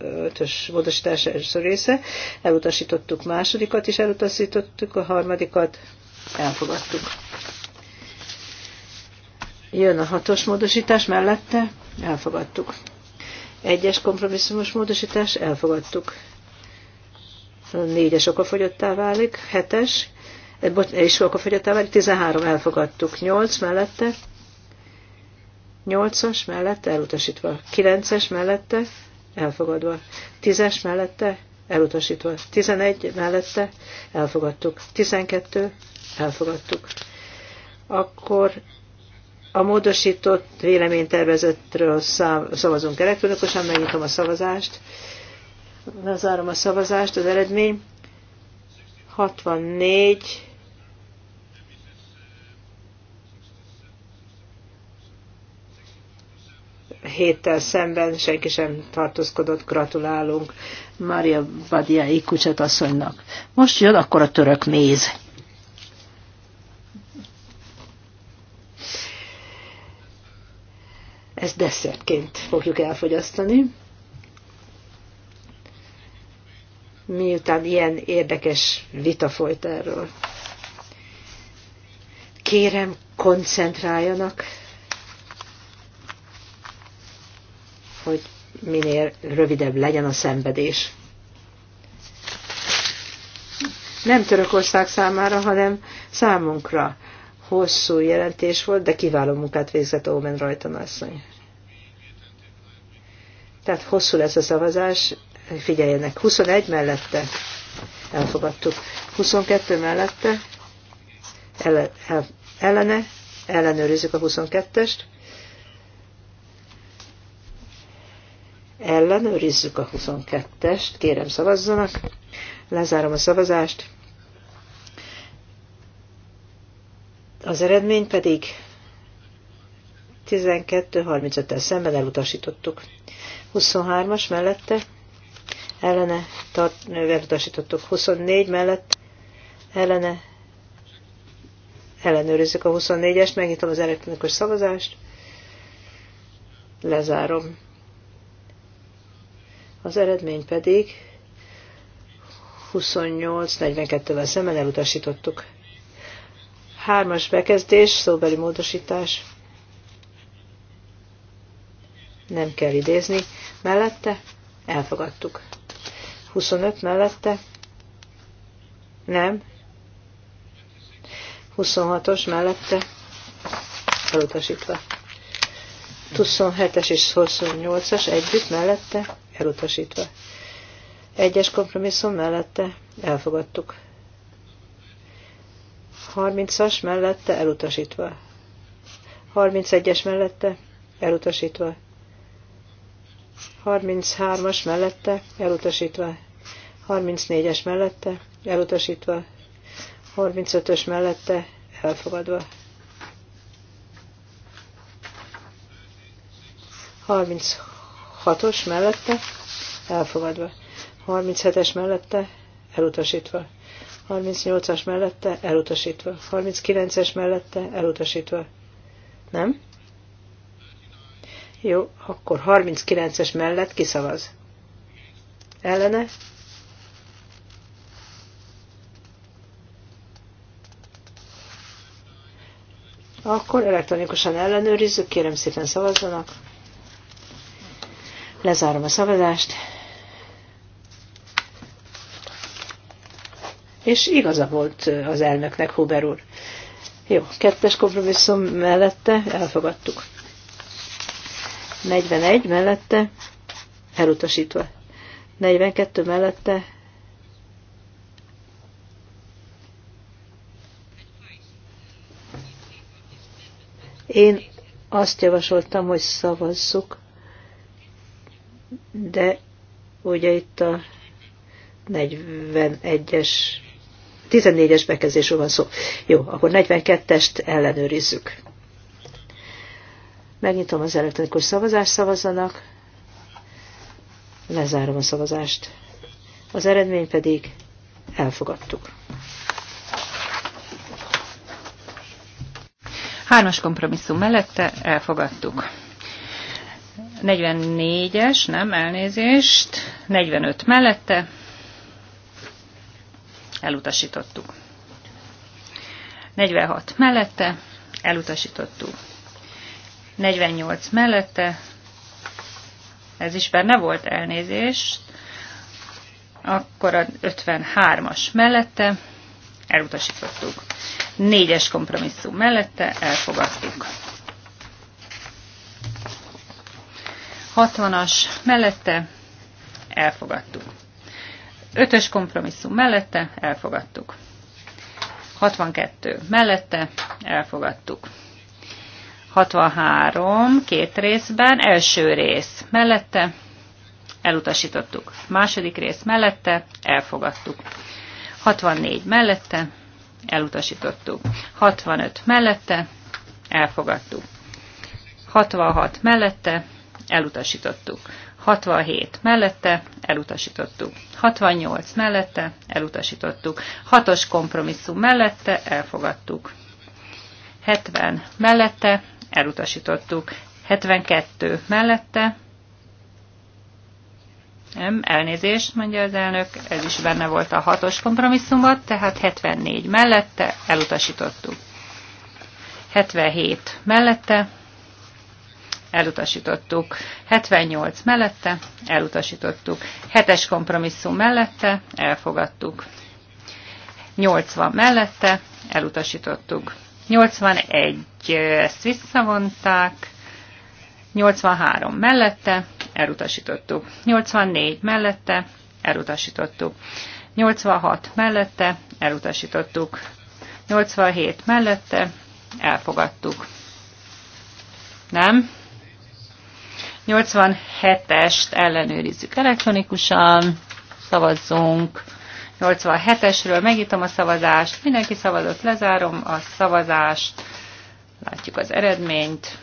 ötös módosítás első része. Elutasítottuk másodikat is, elutasítottuk a harmadikat, elfogadtuk. Jön a hatos módosítás mellette, elfogadtuk. Egyes kompromisszumos módosítás, elfogadtuk. A négyes okafogyottá válik, hetes, és akkor okafogyott el, 13 elfogadtuk, 8 mellette, 8-as mellette elutasítva, 9-es mellette elfogadva, 10-es mellette elutasítva, 11 mellette elfogadtuk, 12 elfogadtuk. Akkor a módosított véleménytervezetről szavazunk elektronikusan, megnyitom a szavazást, lezárom a szavazást, az eredmény 64 héttel szemben senki sem tartózkodott. Gratulálunk Mária Badia Ikucset asszonynak. Most jön akkor a török méz. Ezt desszertként fogjuk elfogyasztani. Miután ilyen érdekes vita folyt erről. Kérem, koncentráljanak hogy minél rövidebb legyen a szenvedés. Nem Törökország számára, hanem számunkra hosszú jelentés volt, de kiváló munkát végzett Omen rajta asszony. Tehát hosszú lesz a szavazás, figyeljenek, 21 mellette elfogadtuk, 22 mellette ellene, ellenőrizzük a 22-est, ellenőrizzük a 22-est, kérem szavazzanak, lezárom a szavazást. Az eredmény pedig 12-35-tel szemben elutasítottuk. 23-as mellette ellene tart, elutasítottuk. 24 mellett ellene ellenőrizzük a 24-est, megnyitom az elektronikus szavazást, lezárom. Az eredmény pedig 28-42-vel szemben elutasítottuk. Hármas bekezdés, szóbeli módosítás. Nem kell idézni. Mellette elfogadtuk. 25 mellette nem. 26-os mellette elutasítva. 27-es és 28-as együtt mellette elutasítva. Egyes kompromisszum mellette elfogadtuk. 30-as mellette elutasítva. 31-es mellette elutasítva. 33-as mellette elutasítva. 34-es mellette elutasítva. 35-ös mellette elfogadva. 6-os mellette elfogadva. 37-es mellette elutasítva. 38-as mellette elutasítva. 39-es mellette elutasítva. Nem? Jó, akkor 39-es mellett kiszavaz. Ellene? Akkor elektronikusan ellenőrizzük, kérem szépen szavazzanak. Lezárom a szavazást. És igaza volt az elnöknek, Huber úr. Jó, kettes kompromisszum mellette elfogadtuk. 41 mellette elutasítva. 42 mellette Én azt javasoltam, hogy szavazzuk de ugye itt a 41-es, 14-es bekezdésről van szó. Jó, akkor 42-est ellenőrizzük. Megnyitom az elektronikus szavazást, szavazzanak. Lezárom a szavazást. Az eredmény pedig elfogadtuk. Hármas kompromisszum mellette elfogadtuk. 44-es, nem, elnézést, 45 mellette elutasítottuk. 46 mellette elutasítottuk. 48 mellette, ez is benne volt elnézést, akkor a 53-as mellette elutasítottuk. 4-es kompromisszum mellette elfogadtuk. 60-as mellette elfogadtuk. 5-ös kompromisszum mellette elfogadtuk. 62 mellette elfogadtuk. 63 két részben, első rész mellette elutasítottuk. Második rész mellette elfogadtuk. 64 mellette elutasítottuk. 65 mellette elfogadtuk. 66 mellette elutasítottuk. 67 mellette elutasítottuk. 68 mellette elutasítottuk. 6-os kompromisszum mellette elfogadtuk. 70 mellette elutasítottuk. 72 mellette nem, elnézést, mondja az elnök, ez is benne volt a hatos kompromisszumot, tehát 74 mellette elutasítottuk. 77 mellette elutasítottuk. 78 mellette, elutasítottuk. 7-es kompromisszum mellette, elfogadtuk. 80 mellette, elutasítottuk. 81, ezt visszavonták. 83 mellette, elutasítottuk. 84 mellette, elutasítottuk. 86 mellette, elutasítottuk. 87 mellette, elfogadtuk. Nem? 87-est ellenőrizzük elektronikusan, szavazzunk. 87-esről megítom a szavazást, mindenki szavazott, lezárom a szavazást, látjuk az eredményt,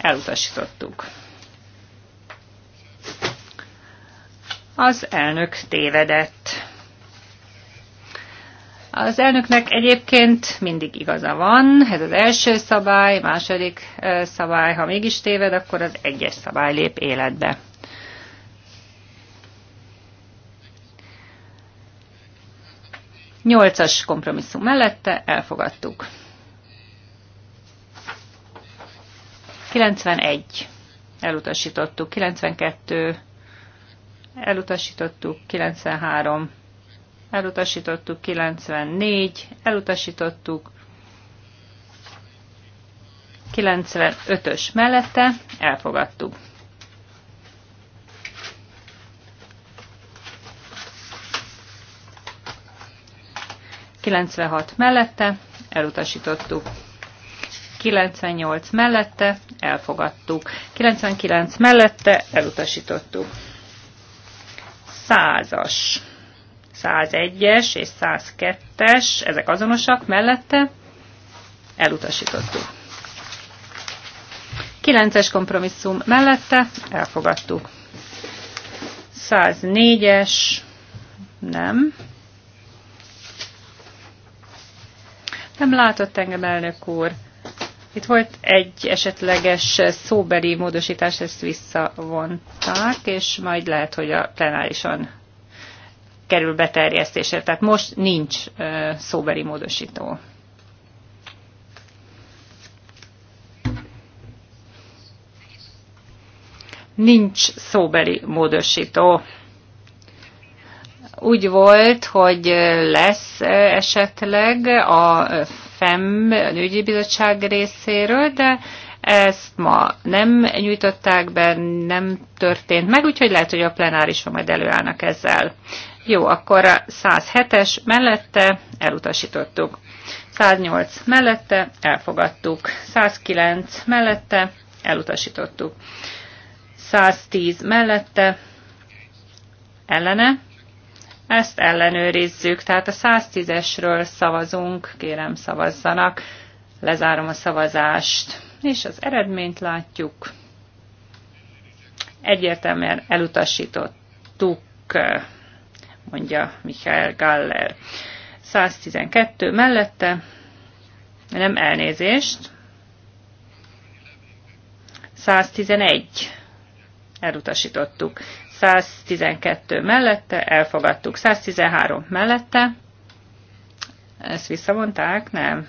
elutasítottuk. Az elnök tévedett. Az elnöknek egyébként mindig igaza van, ez az első szabály, második szabály, ha mégis téved, akkor az egyes szabály lép életbe. Nyolcas kompromisszum mellette elfogadtuk. 91. Elutasítottuk. 92. Elutasítottuk. 93 elutasítottuk, 94, elutasítottuk, 95-ös mellette elfogadtuk. ...96 mellette elutasítottuk. 98 mellette elfogadtuk. 99 mellette elutasítottuk. Százas. 101-es és 102-es, ezek azonosak mellette, elutasítottuk. 9-es kompromisszum mellette elfogadtuk. 104-es nem. Nem látott engem, elnök úr. Itt volt egy esetleges szóbeli módosítás, ezt visszavonták, és majd lehet, hogy a plenárison kerül beterjesztésre. Tehát most nincs szóbeli módosító. Nincs szóbeli módosító. Úgy volt, hogy lesz esetleg a FEM a nőgyi bizottság részéről, de ezt ma nem nyújtották be, nem történt meg, úgyhogy lehet, hogy a plenárison majd előállnak ezzel. Jó, akkor a 107-es mellette elutasítottuk. 108 mellette elfogadtuk. 109 mellette elutasítottuk. 110 mellette ellene. Ezt ellenőrizzük, tehát a 110-esről szavazunk, kérem szavazzanak. Lezárom a szavazást, és az eredményt látjuk. Egyértelműen elutasítottuk mondja Michael Galler. 112 mellette, nem elnézést, 111 elutasítottuk, 112 mellette elfogadtuk, 113 mellette, ezt visszavonták, nem,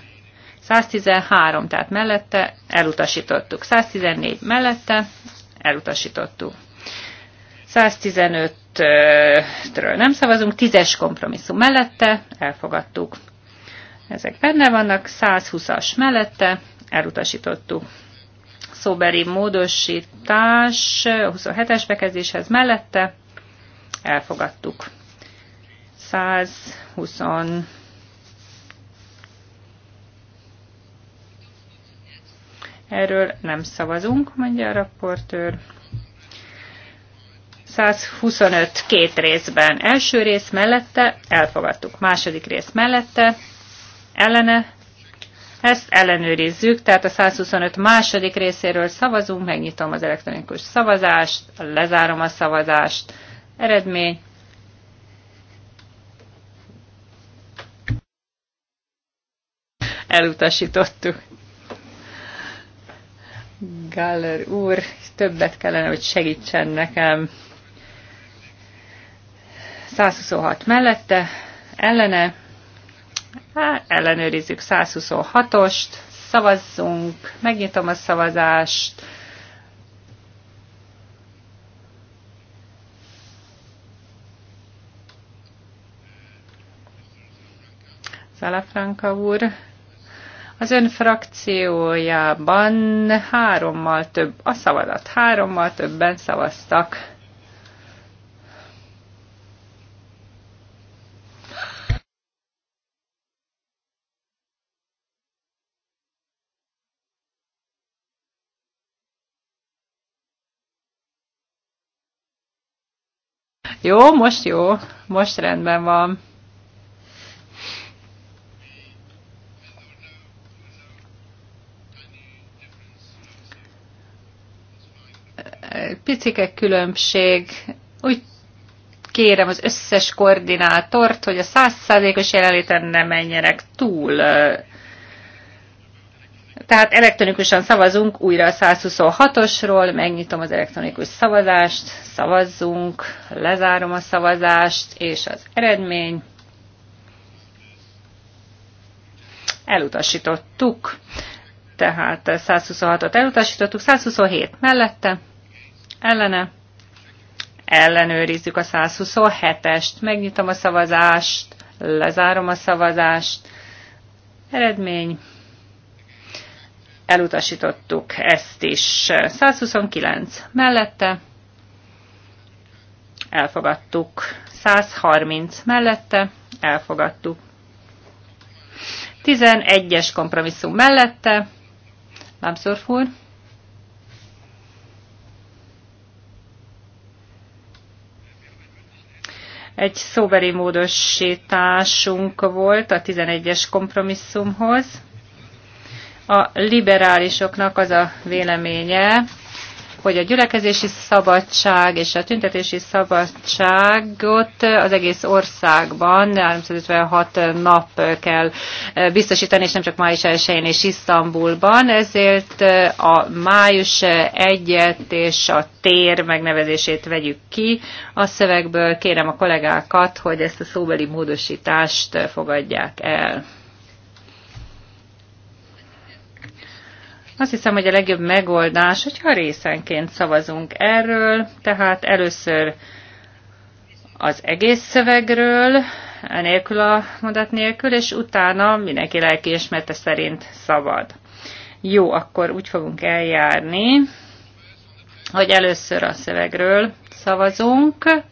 113, tehát mellette elutasítottuk, 114 mellette elutasítottuk. 115 ötről nem szavazunk, tízes kompromisszum mellette elfogadtuk. Ezek benne vannak, 120-as mellette elutasítottuk. Szóberi módosítás 27-es bekezdéshez mellette elfogadtuk. 120 Erről nem szavazunk, mondja a raportőr. 125 két részben. Első rész mellette elfogadtuk. Második rész mellette ellene. Ezt ellenőrizzük, tehát a 125 második részéről szavazunk, megnyitom az elektronikus szavazást, lezárom a szavazást, eredmény. Elutasítottuk. Galler úr, többet kellene, hogy segítsen nekem. 126 mellette, ellene, hát, ellenőrizzük 126-ost, szavazzunk, megnyitom a szavazást, Salafranca úr, az ön frakciójában hárommal több, a szavazat hárommal többen szavaztak Jó, most jó, most rendben van. Picike különbség. Úgy kérem az összes koordinátort, hogy a százszázékos jelenléten ne menjenek túl tehát elektronikusan szavazunk újra a 126-osról, megnyitom az elektronikus szavazást, szavazzunk, lezárom a szavazást, és az eredmény elutasítottuk. Tehát 126-ot elutasítottuk, 127 mellette, ellene, ellenőrizzük a 127-est, megnyitom a szavazást, lezárom a szavazást, eredmény elutasítottuk ezt is. 129 mellette elfogadtuk. 130 mellette elfogadtuk. 11-es kompromisszum mellette Lambsdorff Egy szóberi módosításunk volt a 11-es kompromisszumhoz. A liberálisoknak az a véleménye, hogy a gyülekezési szabadság és a tüntetési szabadságot az egész országban 356 nap kell biztosítani, és nem csak május 1-én és Isztambulban, ezért a május 1-et és a tér megnevezését vegyük ki a szövegből. Kérem a kollégákat, hogy ezt a szóbeli módosítást fogadják el. Azt hiszem, hogy a legjobb megoldás, hogyha részenként szavazunk erről, tehát először az egész szövegről, enélkül a mondat nélkül, és utána mindenki lelki ismerte szerint szabad. Jó, akkor úgy fogunk eljárni, hogy először a szövegről szavazunk,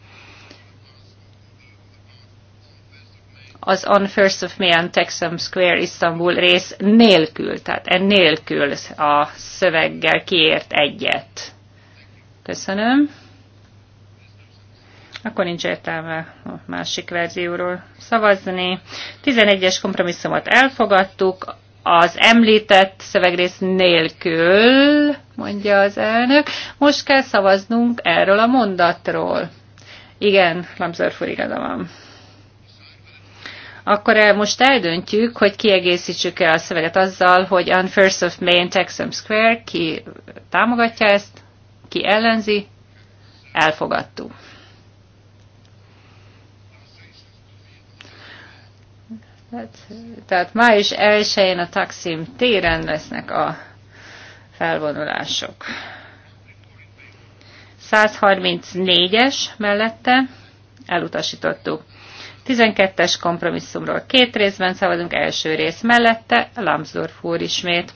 az On First of May on Texas Square Istanbul rész nélkül, tehát en nélkül a szöveggel kiért egyet. Köszönöm. Akkor nincs értelme a másik verzióról szavazni. 11-es kompromisszumot elfogadtuk, az említett szövegrész nélkül, mondja az elnök. Most kell szavaznunk erről a mondatról. Igen, Lamzörfur igaza van akkor eh, most eldöntjük, hogy kiegészítsük el a szöveget azzal, hogy on First of May in Texas Square, ki támogatja ezt, ki ellenzi, elfogadtuk. Tehát, tehát május 1-én a Taksim téren lesznek a felvonulások. 134-es mellette elutasítottuk. 12-es kompromisszumról két részben szavazunk, első rész mellette, Lambsdorff úr ismét.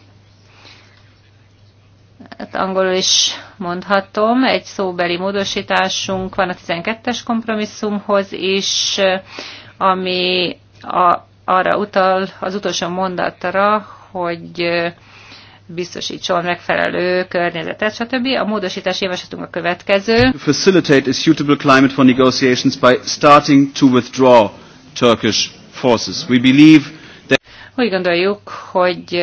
Hát angolul is mondhatom, egy szóbeli módosításunk van a 12-es kompromisszumhoz is, ami a, arra utal az utolsó mondatra, hogy biztosítson megfelelő környezetet, stb. A módosítás javaslatunk a következő. Facilitate a suitable climate for negotiations by starting to withdraw Turkish forces. We believe that... Úgy gondoljuk, hogy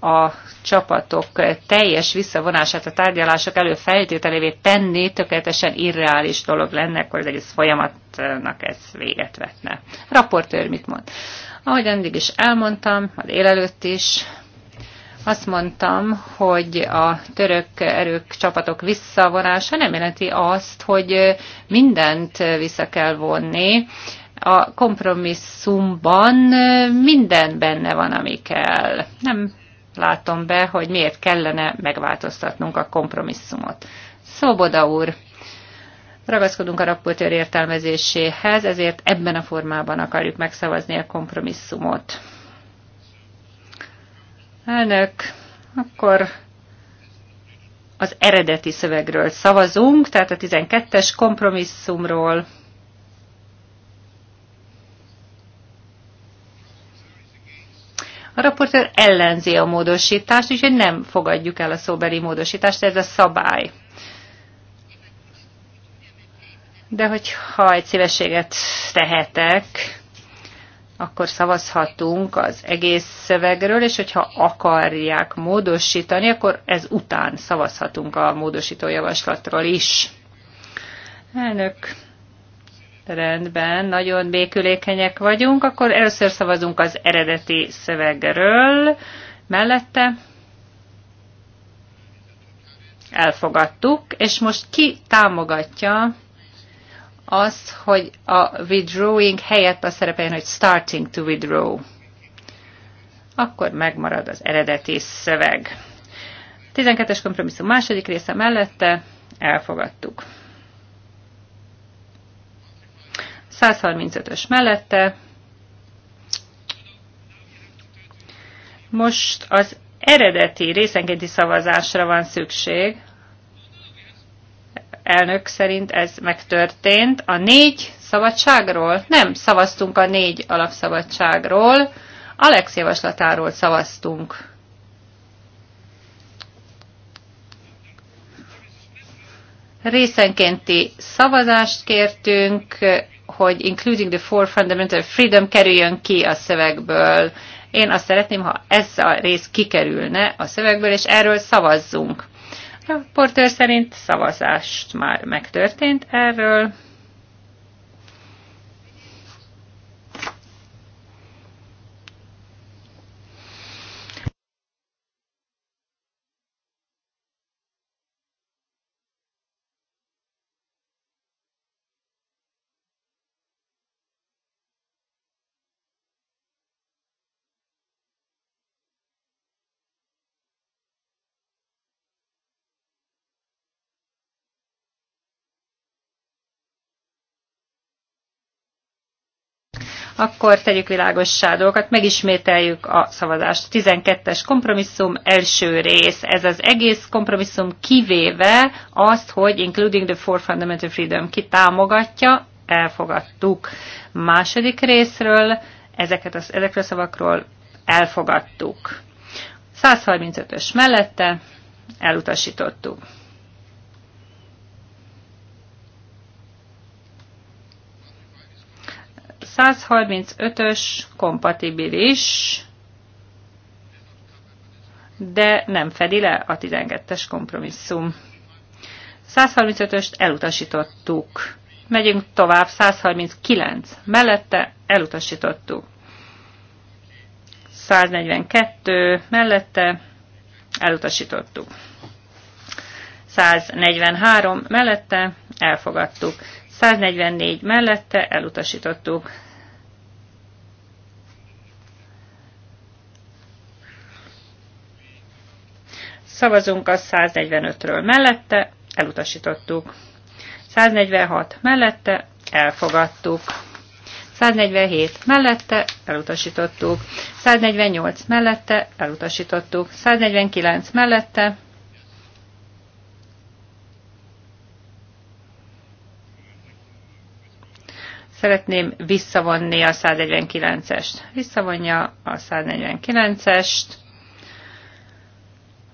a csapatok teljes visszavonását a tárgyalások elő feltételévé tenni tökéletesen irreális dolog lenne, akkor az egész folyamatnak ez véget vetne. Raportőr mit mond? Ahogy eddig is elmondtam, az élelőtt is, azt mondtam, hogy a török erők csapatok visszavonása nem jelenti azt, hogy mindent vissza kell vonni. A kompromisszumban minden benne van, ami kell. Nem látom be, hogy miért kellene megváltoztatnunk a kompromisszumot. Szoboda úr, ragaszkodunk a rapportőr értelmezéséhez, ezért ebben a formában akarjuk megszavazni a kompromisszumot. Elnök, akkor az eredeti szövegről szavazunk, tehát a 12-es kompromisszumról. A raportőr ellenzi a módosítást, úgyhogy nem fogadjuk el a szóbeli módosítást, ez a szabály. De hogyha egy szívességet tehetek, akkor szavazhatunk az egész szövegről, és hogyha akarják módosítani, akkor ez után szavazhatunk a módosító javaslatról is. Elnök, rendben, nagyon békülékenyek vagyunk, akkor először szavazunk az eredeti szövegről. Mellette elfogadtuk, és most ki támogatja az, hogy a withdrawing helyett az szerepeljen, hogy starting to withdraw. Akkor megmarad az eredeti szöveg. 12-es kompromisszum második része mellette elfogadtuk. 135-ös mellette. Most az eredeti részenkénti szavazásra van szükség, elnök szerint ez megtörtént. A négy szabadságról? Nem, szavaztunk a négy alapszabadságról. Alex javaslatáról szavaztunk. Részenkénti szavazást kértünk, hogy including the four fundamental freedom kerüljön ki a szövegből. Én azt szeretném, ha ez a rész kikerülne a szövegből, és erről szavazzunk. A szerint szavazást már megtörtént erről. akkor tegyük világossá dolgokat, megismételjük a szavazást. 12-es kompromisszum első rész. Ez az egész kompromisszum kivéve azt, hogy including the four fundamental freedom ki támogatja, elfogadtuk. Második részről ezeket az, ezekről a szavakról elfogadtuk. 135-ös mellette elutasítottuk. 135-ös kompatibilis, de nem fedi le a 12-es kompromisszum. 135-öst elutasítottuk. Megyünk tovább, 139. Mellette elutasítottuk. 142 mellette elutasítottuk. 143 mellette elfogadtuk. 144 mellette elutasítottuk. Szavazunk a 145-ről mellette, elutasítottuk. 146 mellette, elfogadtuk. 147 mellette, elutasítottuk. 148 mellette, elutasítottuk. 149 mellette, Szeretném visszavonni a 149-est. Visszavonja a 149-est.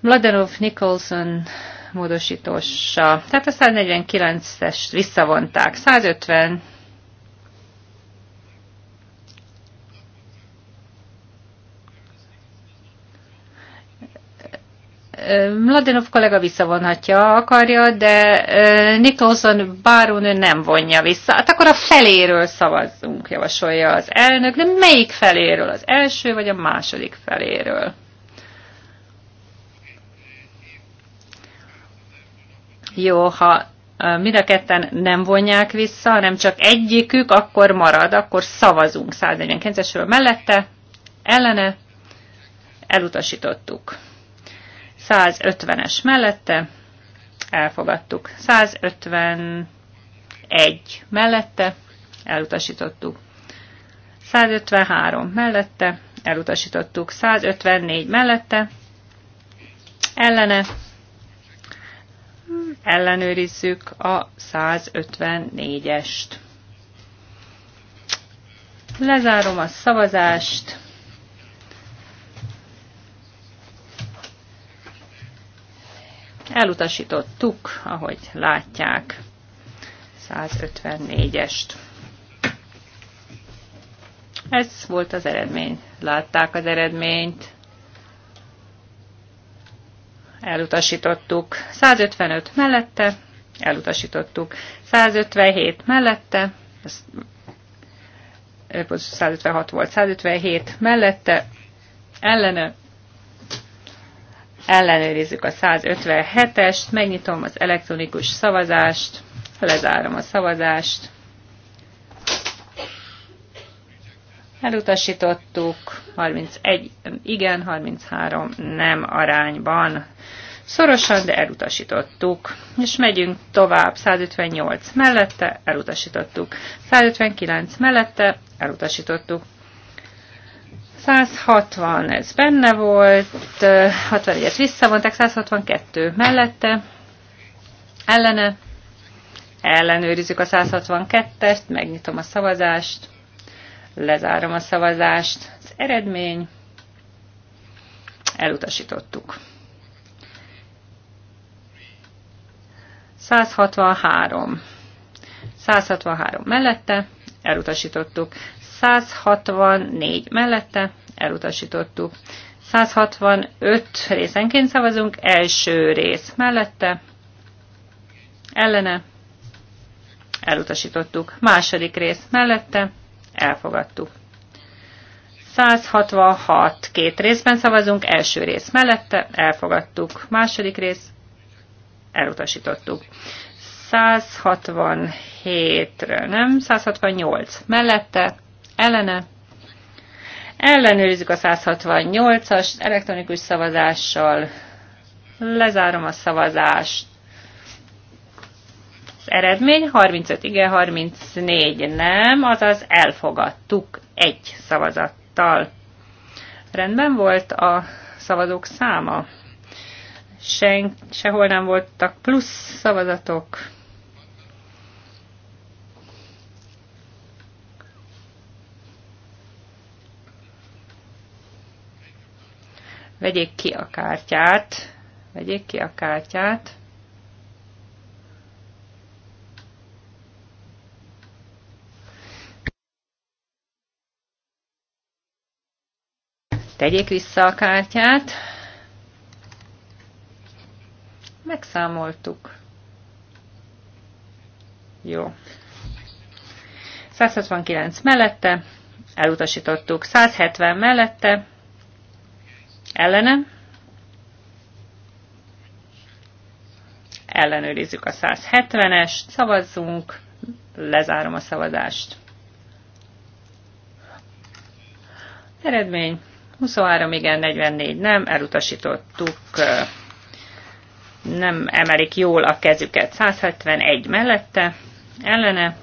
Mladenov Nicholson módosítósa. Tehát a 149-est visszavonták. 150 Mladenov kollega visszavonhatja, akarja, de Nicholson bárónő nem vonja vissza. Hát akkor a feléről szavazzunk, javasolja az elnök, de melyik feléről? Az első vagy a második feléről? Jó, ha mind a ketten nem vonják vissza, hanem csak egyikük, akkor marad, akkor szavazunk 149-esről mellette, ellene, elutasítottuk. 150-es mellette, elfogadtuk. 151 mellette, elutasítottuk. 153 mellette, elutasítottuk. 154 mellette, ellene, ellenőrizzük a 154-est. Lezárom a szavazást. Elutasítottuk, ahogy látják, 154-est. Ez volt az eredmény. Látták az eredményt. Elutasítottuk. 155 mellette, elutasítottuk. 157 mellette, ez 156 volt, 157 mellette, ellene ellenőrizzük a 157-est, megnyitom az elektronikus szavazást, lezárom a szavazást. Elutasítottuk 31 igen, 33 nem arányban. Szorosan, de elutasítottuk. És megyünk tovább. 158 mellette elutasítottuk. 159 mellette elutasítottuk. 160, ez benne volt, 61-et visszavonták, 162 mellette, ellene, ellenőrizzük a 162-est, megnyitom a szavazást, lezárom a szavazást, az eredmény, elutasítottuk. 163. 163 mellette, elutasítottuk. 164 mellette elutasítottuk. 165 részenként szavazunk, első rész mellette, ellene, elutasítottuk. Második rész mellette, elfogadtuk. 166 két részben szavazunk, első rész mellette, elfogadtuk. Második rész, elutasítottuk. 167-ről nem, 168 mellette, ellene. Ellenőrizzük a 168-as elektronikus szavazással. Lezárom a szavazást. Az eredmény 35 igen, 34 nem, azaz elfogadtuk egy szavazattal. Rendben volt a szavazók száma. Sen, sehol nem voltak plusz szavazatok. Vegyék ki a kártyát. Vegyék ki a kártyát. Tegyék vissza a kártyát. Megszámoltuk. Jó. 169 mellette, elutasítottuk 170 mellette, Ellene? Ellenőrizzük a 170-est, szavazzunk, lezárom a szavazást. Eredmény 23 igen, 44 nem, elutasítottuk, nem emelik jól a kezüket. 171 mellette, ellene,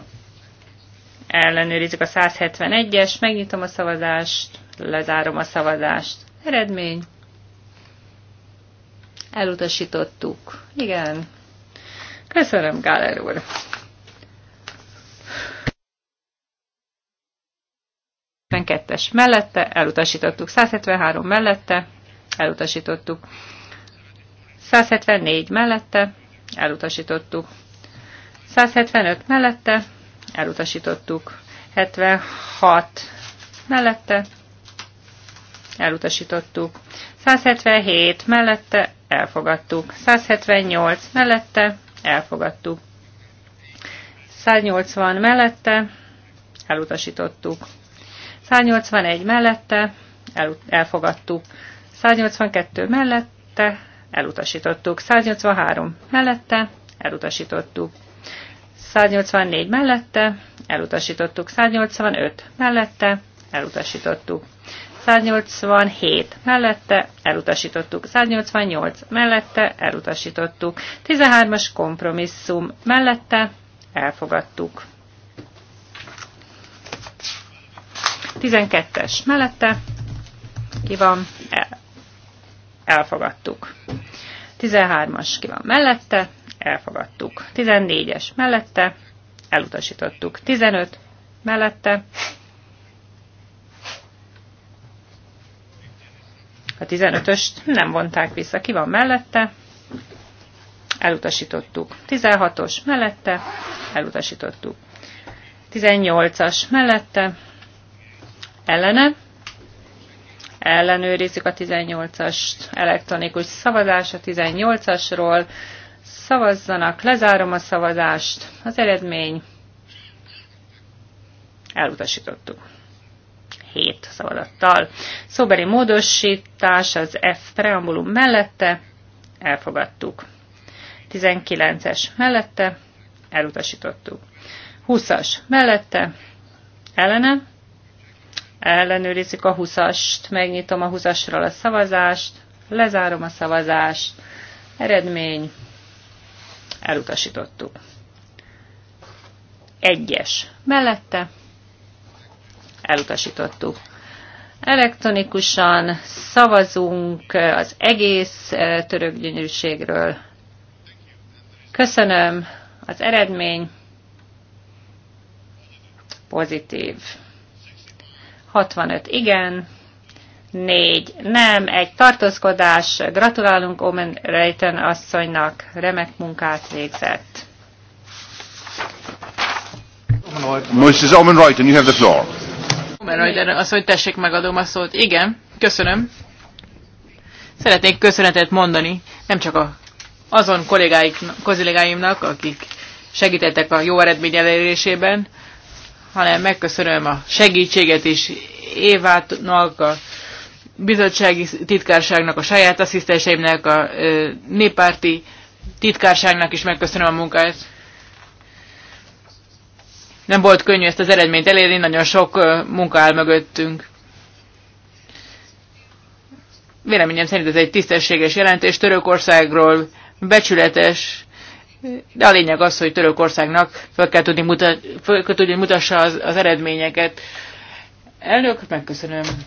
ellenőrizzük a 171-es, megnyitom a szavazást, lezárom a szavazást. Eredmény. Elutasítottuk. Igen. Köszönöm, Gáler úr. es mellette, elutasítottuk. 173 mellette, elutasítottuk. 174 mellette, elutasítottuk. 175 mellette, elutasítottuk. 76 mellette, elutasítottuk. 177 mellette elfogadtuk. 178 mellette elfogadtuk. 180 mellette elutasítottuk. 181 mellette elfogadtuk. 182 mellette elutasítottuk. 183 mellette elutasítottuk. 184 mellette elutasítottuk. 185 mellette elutasítottuk. 187 mellette elutasítottuk, 188 mellette elutasítottuk, 13-as kompromisszum mellette elfogadtuk. 12-es mellette ki van, el, elfogadtuk. 13-as ki van mellette, elfogadtuk. 14-es mellette, elutasítottuk. 15 mellette, A 15-öst nem vonták vissza. Ki van mellette? Elutasítottuk. 16-os mellette? Elutasítottuk. 18-as mellette? Ellene? Ellenőrizzük a 18-ast elektronikus szavazás a 18-asról. Szavazzanak, lezárom a szavazást. Az eredmény elutasítottuk. 7 szavazattal. Szóbeli módosítás az F preambulum mellette, elfogadtuk. 19-es mellette, elutasítottuk. 20-as mellette, ellene, ellenőrizzük a 20-ast, megnyitom a 20-asról a szavazást, lezárom a szavazást, eredmény, elutasítottuk. Egyes mellette, elutasítottuk. Elektronikusan szavazunk az egész eh, török gyönyörűségről. Köszönöm, az eredmény pozitív. 65 igen, 4 nem, egy tartózkodás. Gratulálunk Omen Reiten asszonynak, remek munkát végzett. Mrs. Omen Reiten, you have the floor. Mert hogy azt, hogy tessék, megadom a szót. Igen, köszönöm. Szeretnék köszönetet mondani, nem csak a, azon kollégáimnak, akik segítettek a jó eredmény elérésében, hanem megköszönöm a segítséget is Évátnak, a bizottsági titkárságnak, a saját asszisztenseimnek, a néppárti titkárságnak is megköszönöm a munkáját nem volt könnyű ezt az eredményt elérni, nagyon sok munka áll mögöttünk. Véleményem szerint ez egy tisztességes jelentés Törökországról, becsületes, de a lényeg az, hogy Törökországnak fel kell tudni, mutat, fel kell tudni mutassa az, az eredményeket. Elnök, megköszönöm